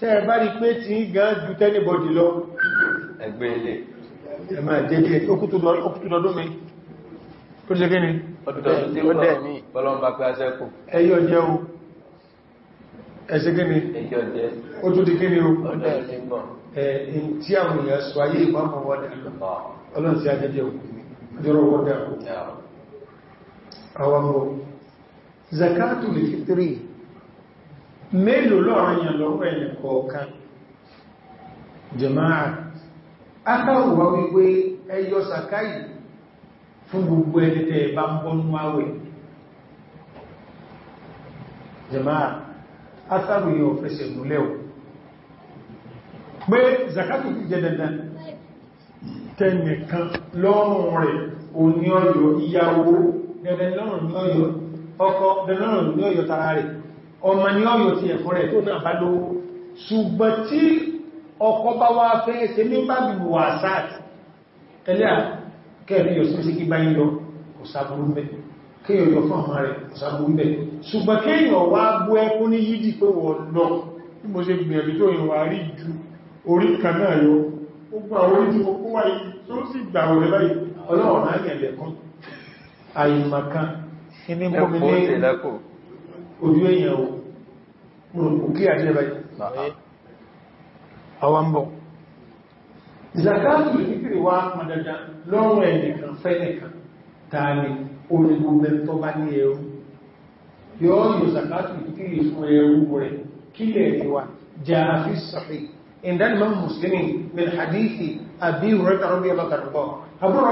tẹ́ ẹ bá rí pé tí ń gan jù tẹ́nìbọ̀dì lọ ẹgbẹ́ ilé ẹmà jẹ́gẹ́ okútùdọ́dún mi tó jẹ́ gẹ́ni ọdún tí ó dẹ̀ mí bọ́lọ́mbà pé aṣẹ́kù ẹyọ jẹ́ o ẹṣẹ́ gẹ́ni ó tó di gẹ́ni o ẹ̀yìn tí àwọn èèyàn sọ ayé ìpamọ́ wọ́dẹ̀ ọlọ́run sí ajẹ́jẹ́ o jọrọ wọ́dẹ̀ àwọn ọmọ zakatul fitri mélòó lọ́rọ̀ yẹn lọ́rọ̀ ẹ̀yẹn kọ̀ọ̀kan jẹmáà akáwùwá wípé ẹyọ sàkáyì fún gbogbo ẹ̀tẹ̀ bá ń bọ́nú àwẹ̀ jẹmáà asáwù yóò fẹsẹ̀ múlẹ̀ pé zakatù ti jẹ dandan tẹnìkan lọ́rùn rẹ̀ òní ọyọ̀ ìyàwó ọmọ ni ọyọ̀ ti ẹ̀kọ́ rẹ̀ tó náà bá lówó ṣùgbọ́n tí ọkọ bá wá fẹ́ ṣe ní bábí wà sáàtì ẹlẹ́ àkẹ́rí yóò sí kí bá yíyọ kò sáàbùrú mẹ́ kéèyàn yọ fún àwọn rẹ̀ kò sáàbùrú mẹ́ ṣùgbọ́n kéèyàn wá bú ẹkún ní yídì pé wọ́n lọ bí mo ṣe gbìyànjú tó ní ojú èèyàn o òkè àjẹ́ báyìí ah, ah. àwọn ń bọ̀ zakatu ìkiri wa madada lọ́rùn ẹnìkan fẹ́nìkan tààlì olùgbùnbẹ̀ tó bá ní ẹrù yóò yóò zakatu ìkiri fún ẹrù rẹ̀ kílẹ̀ ìwà jàáfí sàfí ìdánimọ̀ musulmi min hadithi àbí rẹ̀ta rọ́bí ọlọ́kàrùbọ̀ àbúrò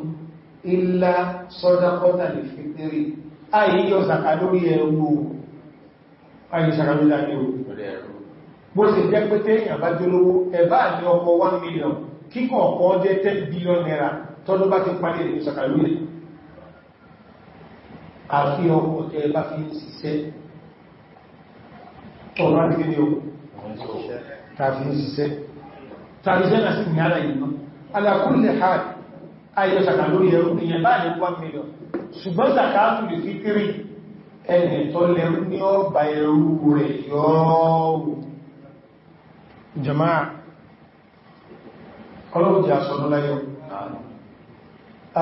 ní ìlà sọ́dákọ́tà lè fi pèrè àìyíyọ zaka lórí ẹ̀rù ayìṣàkàlúlà ní òkú bó ṣe jẹ́ pé téèyàn bá jólówó ẹ̀bá ní ọkọ̀ 1 million kíkọ̀ ọkọ̀ jẹ́ 10 billion naira tọ́dún bá ti parí ẹ̀rù ìṣàkàlúlẹ̀ àfi ọkọ̀ tẹ́ bá fi ayọ̀ sàkà lórí ẹrù èèyàn bá ní 1 million ṣùgbọ́n sàkà tún lè fi kéré ẹni tó lẹ́rù ní ọba ẹrù rẹ̀ yọ́ọ̀wò jama'a ọlọ́pùdí asọ̀nà láyọ̀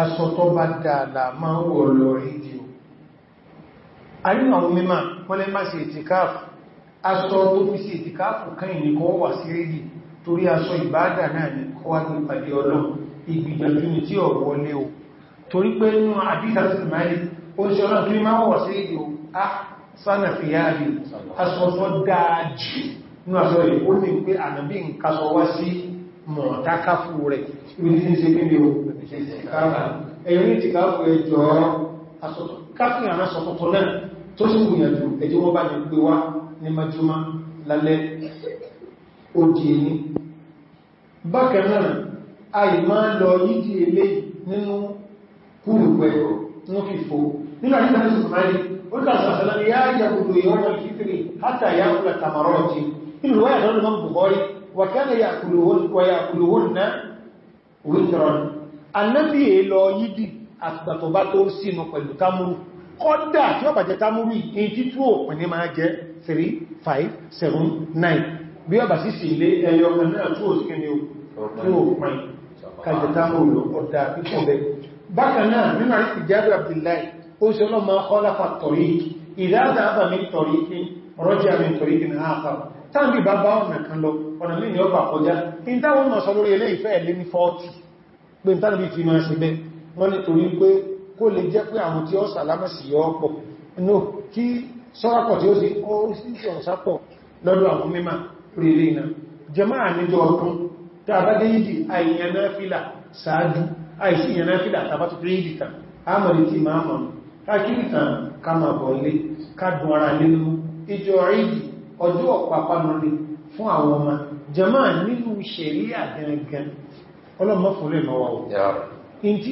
asọ̀ tó bá dáadáa máa ń wọ̀ lọ rédíò àrínà àwọn mímọ̀ wọ́n lè má sí ìtìkáàfù asọ̀ tó fi sí ìtìkáàfù kan ìníkọ́ wà sí rédíò torí asọ̀ ìbáadà náà ní kọ́wàá ní ìpàdé ọlọ́pùdí ìgbìyànjú tí ó wọlé o torí pé nínú àdíta ìsìnmáyé ó ṣe ọ̀nà tí máa wọ̀ sí ìdí a sánà fi yá rí asọ́sọ́ dáájì ní àṣọ rẹ̀ ó ní pé ànàbí ń kásọ wá sí mọ̀tákáfù rẹ̀ ibi tí ń ṣe nílé o ẹ̀yìn bákan náà àìmọ́ lọ yídi ilé nínú kúrùpẹ̀ wọn fi fò nínú àríkà ní sọ̀sọ̀mọ́lì ó dá sọ̀sọ̀lá ní yáyà gbogbo ìwọ́n alfitri hátà ya kula tamarọ́jì nínú wáyà lọ́nà mọ́ buhari wà kẹ́lẹ̀ ya kùlùhún na wintron annabi è lọ yídi àtìgbàtọ̀bá tó sínú pẹ̀lú tamuru kọ́dà tí ó bàjẹ́ tamuru yìí tí tí ó pẹ̀ ní máa jẹ́ 3 bí ó sí sí ilé ẹyọ kan náà tí ó sì kí ni ó pẹ̀ kàjẹtàmùlò ọ̀dà pípọ̀ bẹ bákanáà nínú àríkì jábí Abdullahi ó ṣe lọ máa kọ́lápa tọ̀rí ìdáta àbàmí tọ̀rí ní rọ́jẹ́ àmì tọ̀rí ní àpá tàbí bàbá ọ̀nà kan lọ ọ̀nà mí ní ọba kọjá in táwọn ma sọ lórí ilé ìfẹ́ ẹ̀lẹ́ ní 40 pé n tàbí fi máa ṣe bẹ́ wọ́n ni torí pé kó lè jẹ́ pé àwọn tí ó sàlámà sí sì ó sì ọ̀sápọ̀ lọ́dọ̀ àwọn mímà rí ilé ìná jẹmáà níjọ ọdún tàbádé ìdì àìyànáfílà sáájú àìsí ìyànáfílà tàbátò pé ìdì tàn ámàrí tí máa mọ̀ káàkiri tàn ká máa bọ̀ lé kádùn ara nínú ìjọ ọjọ́ fún àwọn ọmọ jẹmọ́ nínú ṣẹ̀ríà gangan in e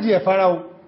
si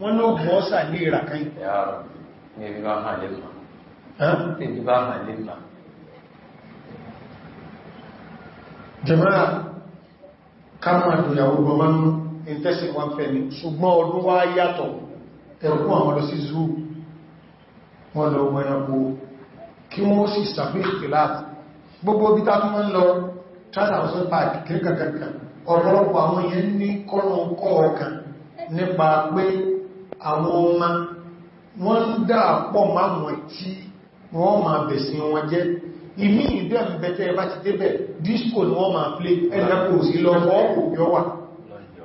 wọ́n ló gbọ́ sà ní ìràkán jẹmọ́ra káàmà àdúyàwó gbọmánú intestine wọn fẹ́ ni ṣùgbọ́n ọdún wá yàtọ̀ ẹ̀rùkún àwọn lọ sí zoo wọ́n lọ wọ́n ẹ̀kọ́ kí wọ́n sì sàfíìkì láti gbogbo bí tàbí wọ́n lọ 3000 park kíríkàkàkà ọ̀pọ̀lọpọ̀ àwọn yẹn ní kọ́nà ọkọ̀ ọ̀kan nípa pé àwọn ọmọ wọ́n ń dáàpọ̀ máa wọ̀n tí wọ́n máa bẹ̀sìn wọn jẹ́ ìmí ìbẹ̀ mẹ́tẹ́ ẹbá ti débẹ̀ disco ni wọ́n máa play ẹ̀lẹ́kò sí lọ ọkọ̀ yọ́wà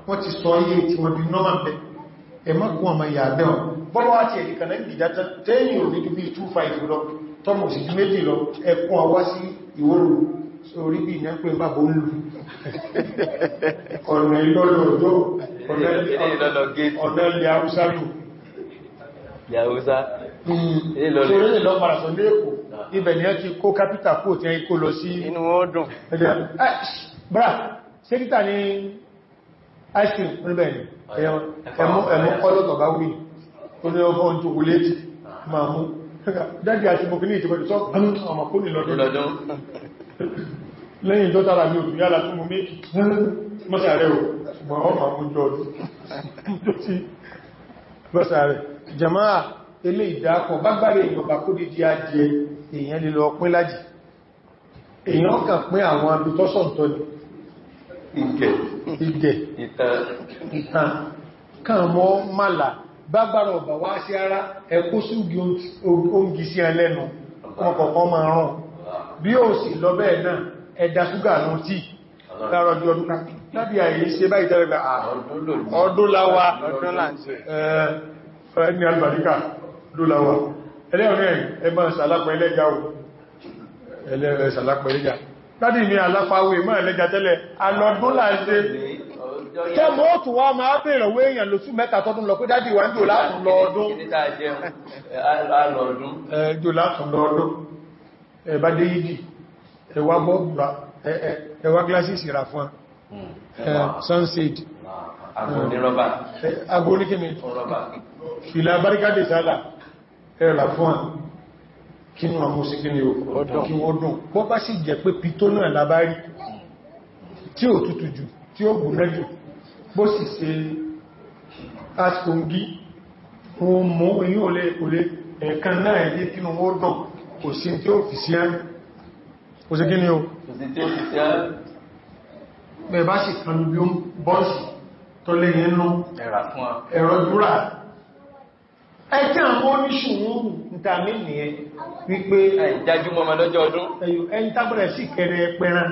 wọ́n ti sọ iye tí wọ́n bí normal bẹ̀ ẹmọ́kùn ọmọ ìyàbẹ̀ wọn bọ́wọ́ orí bí iná pé bàbá ń lù ọ̀nà ìlọ́lọ̀ ọjọ́ ọ̀nà ilẹ̀ haúsá lù ìlọ́lẹ̀ hmm. ìlọ́pàá sọ ní èkó ibẹ̀ ni ẹ ti kó kápítà kó tí ẹ kó lọ sí inú ọdún bra sẹ́kítà ní ice cream níbẹ̀ ni ẹmú kọ́lọ́tọ̀ bá wí tó ní ọgbọ́n oúnjẹ wulé ti máa mú dájú àti mọ̀kí ní lẹ́yìn tó tàrà ní òtù yára tó mú méjì mọ́sàrẹ́ ò ṣùgbọ́n ọmọ àmójọ ọdún tó tí mọ́sàrẹ́ jama'a ilé ìdákọ̀ bágbàrẹ̀ ìjọba kó dídí adìẹ èèyàn lè lọ pín lájì èèyàn kàn pín àwọn abitọ́sọ̀ntọ́ ni ìgẹ̀ ìtàn kàn mọ́ mọ́là bágbàrẹ̀ ọ̀bà wá sí ara ẹkó sí oúnjẹ sí ẹlẹ́nu ọkọ̀ọ̀kan máa rán bí ó sì lọ bẹ́ẹ̀ náà ẹ̀dà ṣúgà lọ tí lárọ̀dí ọdún lábí àyè ṣe báyìí tẹ́rẹgbà ah, ọdún láwá ẹni albàríkà ló láwá ẹlẹ́ọ̀rẹ́ ẹgbọ́n sàlápẹ̀ ẹlẹ́gà ò ẹlẹ́rẹ́ sàlápẹ̀ ẹlẹ́gà láti ní aláfáwé mọ́ ẹlẹ́gà tẹ́lẹ̀ alọ́dún láàṣẹ tẹ́mọ́ ó tún wá máa bèèrè owó èèyàn lóṣù mẹ́ta tọ́dún lọ pé dádì wá ń jò látún lọ́ọdún ẹ̀bá dé yìí ẹwà bọ́bùra ẹwà glasses ìrà fún hmm. sunset ah, agbóníkíní fìlà barikade sálà ẹ̀rà fún kí ní ọmọ sí kí ní kí wọ́n dùn bọ́ bá sì jẹ́ pé pító náà labárí tí ó tutù jù tí ó gùn lẹ́jù bó sì ṣe askongi ohun mọ́ oyún olè ẹ̀kan náà ẹ̀dẹ́ kí ní wọ́n dùn kò sí tí ó fi sí ẹ́n kò sí kí ni ó bẹ̀bá sì kan bí ó bọ́ọ̀sì tó lè nínú ẹ̀rọ dúrà ẹjẹ́ àwọn oníṣùwúrù ìtàmì nìyẹn wípé ìjájú mọ́mọ́ lọ́jọ́ ọdún ẹni tábọ̀rẹ̀ sí kẹrẹ pẹran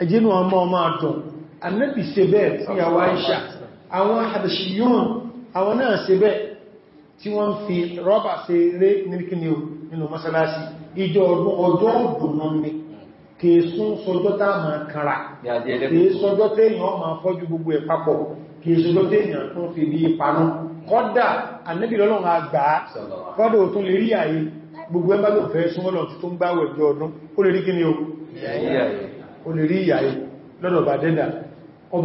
ẹ̀jínú ọmọ ọmọ àtọ̀ anábì àwọn náà ṣe bẹ́ tí wọ́n fi rọ́bà ṣe ré nílùú nínú masalasi ìjọ ọdún ọjọ́ òdùnmọ́ ní kìí sún sọjọ́ tá ma kàrà kìí sọjọ́ tẹ́yàn ma fọ́jú gbogbo ẹ̀ papọ̀ kìí sọjọ́ tẹ́yàn tún fi bí ipanú kọ́dà anẹ́bìlọ́lọ́run àgbà kọ́dà òtún lè rí àyè gbogbo ẹgbà ló fẹ́ súnmọ́lọ̀ tí tó ń gbáwẹ̀ jọ ọdún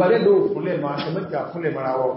bàdẹ́dà ò fúnlẹ̀ mara ẹmẹ́jà fúnlẹ̀ mara wọ́n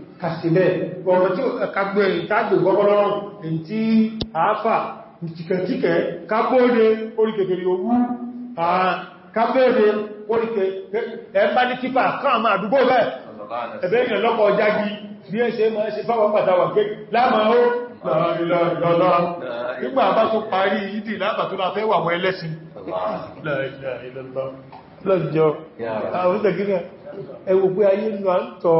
kàṣìbẹ̀ ọ̀rọ̀ tí kàgbẹ̀ ìtàgbẹ̀ gbọ́gbọ́lọ́rọ̀ tí àáfà tìkẹ̀tìkẹ̀ kábóòdé oríkèkèrè owó kábóòdé oríkèkèrè ẹ̀mbá ní kípa káàmà àdúgbò bẹ́ẹ̀ ẹ̀bẹ̀ ìrìn lọ́pọ̀ jági bí ẹ ṣe máa ṣe fáwọn pàtàwà pé láàmà ó láàrínlọ́lọ́ nígbà bá tó parí ìdí láàbà tó láfẹ́ wà wọ́n ẹlẹ́sìn lọ́jọ́ àwọn ìtẹ̀gínà ẹwò pé ayé nù à ń tọ́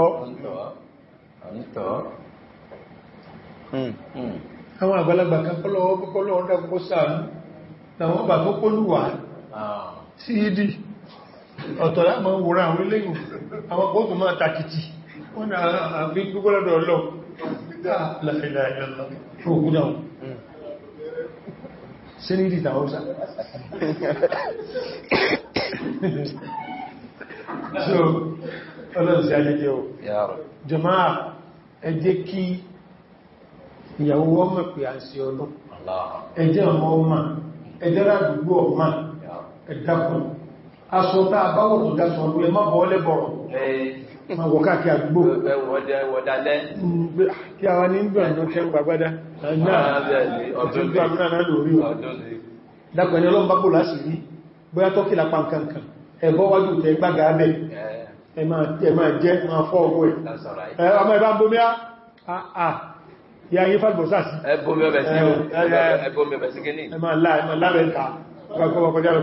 Hmm. Hmm. àwọn àgbàlagbà kan kọ́lọ́wọ́ kọ́lọ́ ọ̀dá kọ́kọ́ sáàrùn láwọn bà tó kólúwà sí ìdí ọ̀tọ̀ láàmà wòrán àwọn iléyìn àwọn kọ́kọ́ máa takìtì wọ́n na àbí gbogbo lọ So, ọlọ́run sí ajẹ́jẹ́ o jàmáà ẹ jẹ́ kí ìyàwó wọ́n mọ̀ pé a ń ṣe ọlọ́ ẹ jẹ́ ọmọ ọmọ ẹ jẹ́ rádùgbò ọmọ ẹ dákun aṣọ tá a báwọ̀ tó dá sọ ọdún ẹ má bọ́ lẹ́bọ̀rọ̀ ma wọ káàkiri àgbò kí a wá ní gbọ́nà kẹ́ gbàgbádá náà ah, ọdún lè ẹ̀mà jẹ́ ma fọ́ ọgbọ́ ẹ̀ ọmọ ìbá bomi á ya yí fàgbọ̀sá sí ẹbomi ọbẹ̀ sí ẹbomi ọbẹ̀ sí gíní ẹmà láàrẹ̀ta ọgbọ̀gbọ̀gbọ̀gbọ̀ jẹ́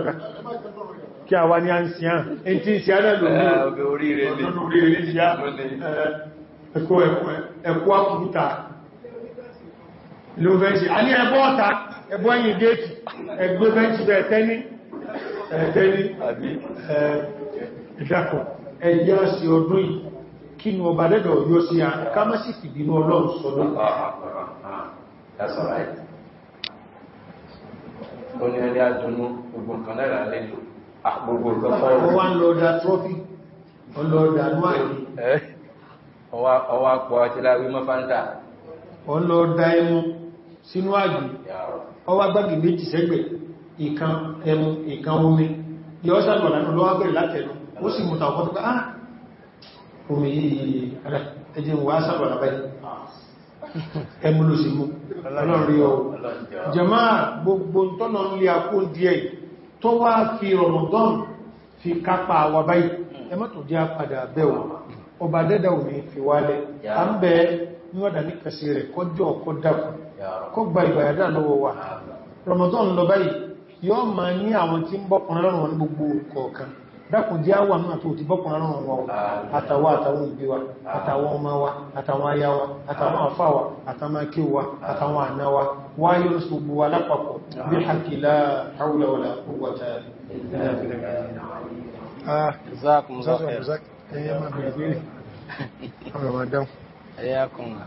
kí a wá ní àǹsíyàn ẹn tí ìsìyàn náà lòmí oríire ní ẹkọ́ àkùrúta ló fẹ́ ṣe a ní ẹbọ́ ọ̀ta ẹbọ́ ẹ̀yìn gẹ́ẹ̀kì ẹgbẹ́ fẹ́ ṣe bẹ̀ẹ̀ tẹ́ni ẹ̀ẹ́tẹ́ni ìdákọ̀ọ́ ẹjẹ́ àṣì ọdún yìí kí ni ọba dẹ́dọ̀ yóò sí à ká má sì fìdí ní ọlọ́run sọdún ọwá pọ̀ àti láwí mọ́fántà ọlọ́ọ̀dá ẹmu sínú àgbì ọwá gbági méjì sẹ́gbẹ̀ ìkan ẹmu ìkan omi yọ́ sàgbọ̀nà lọ́wọ́ bẹ̀rẹ̀ látẹ̀lú ó sì mú tàwọn tó ká ah, omi yìí ẹjẹ́ wà sáàbà rábẹ́ ẹmú ló sì mú ọlọ́rí ọ jẹmá gbogbo tọ́nà ń lè akún díẹ̀ tó wá fi rọmọdán fi kápa wà báyìí ẹmọ́ tó jẹ́ padà bẹ́wọ̀ ọba dẹ́dà omi fi wálẹ̀ a ń bẹ níwọ̀dà ní kẹsì rẹ̀ kọjọ́ ọkọ́ dákùn kó gba ìbàyàdà lọ́wọ́ wa rọmọdán lọ báyìí yọ́ ma ní àwọn tí ń bọ́ ọ̀rọ̀ wọn gbogbo kọ̀ọ̀kan dákùn jẹ́ àwọn àmà tó ti bọ́kùn rán ọ̀rọ̀ àtàwà àtàwọn òbí wa àtàwọn ọmọ wa àtàwọn aya wa àtàwọn àfà wa àtàwọn akí wa àtàwọn àna wa wáyé oṣù gbogbo wa lápapọ̀ bí hakila haula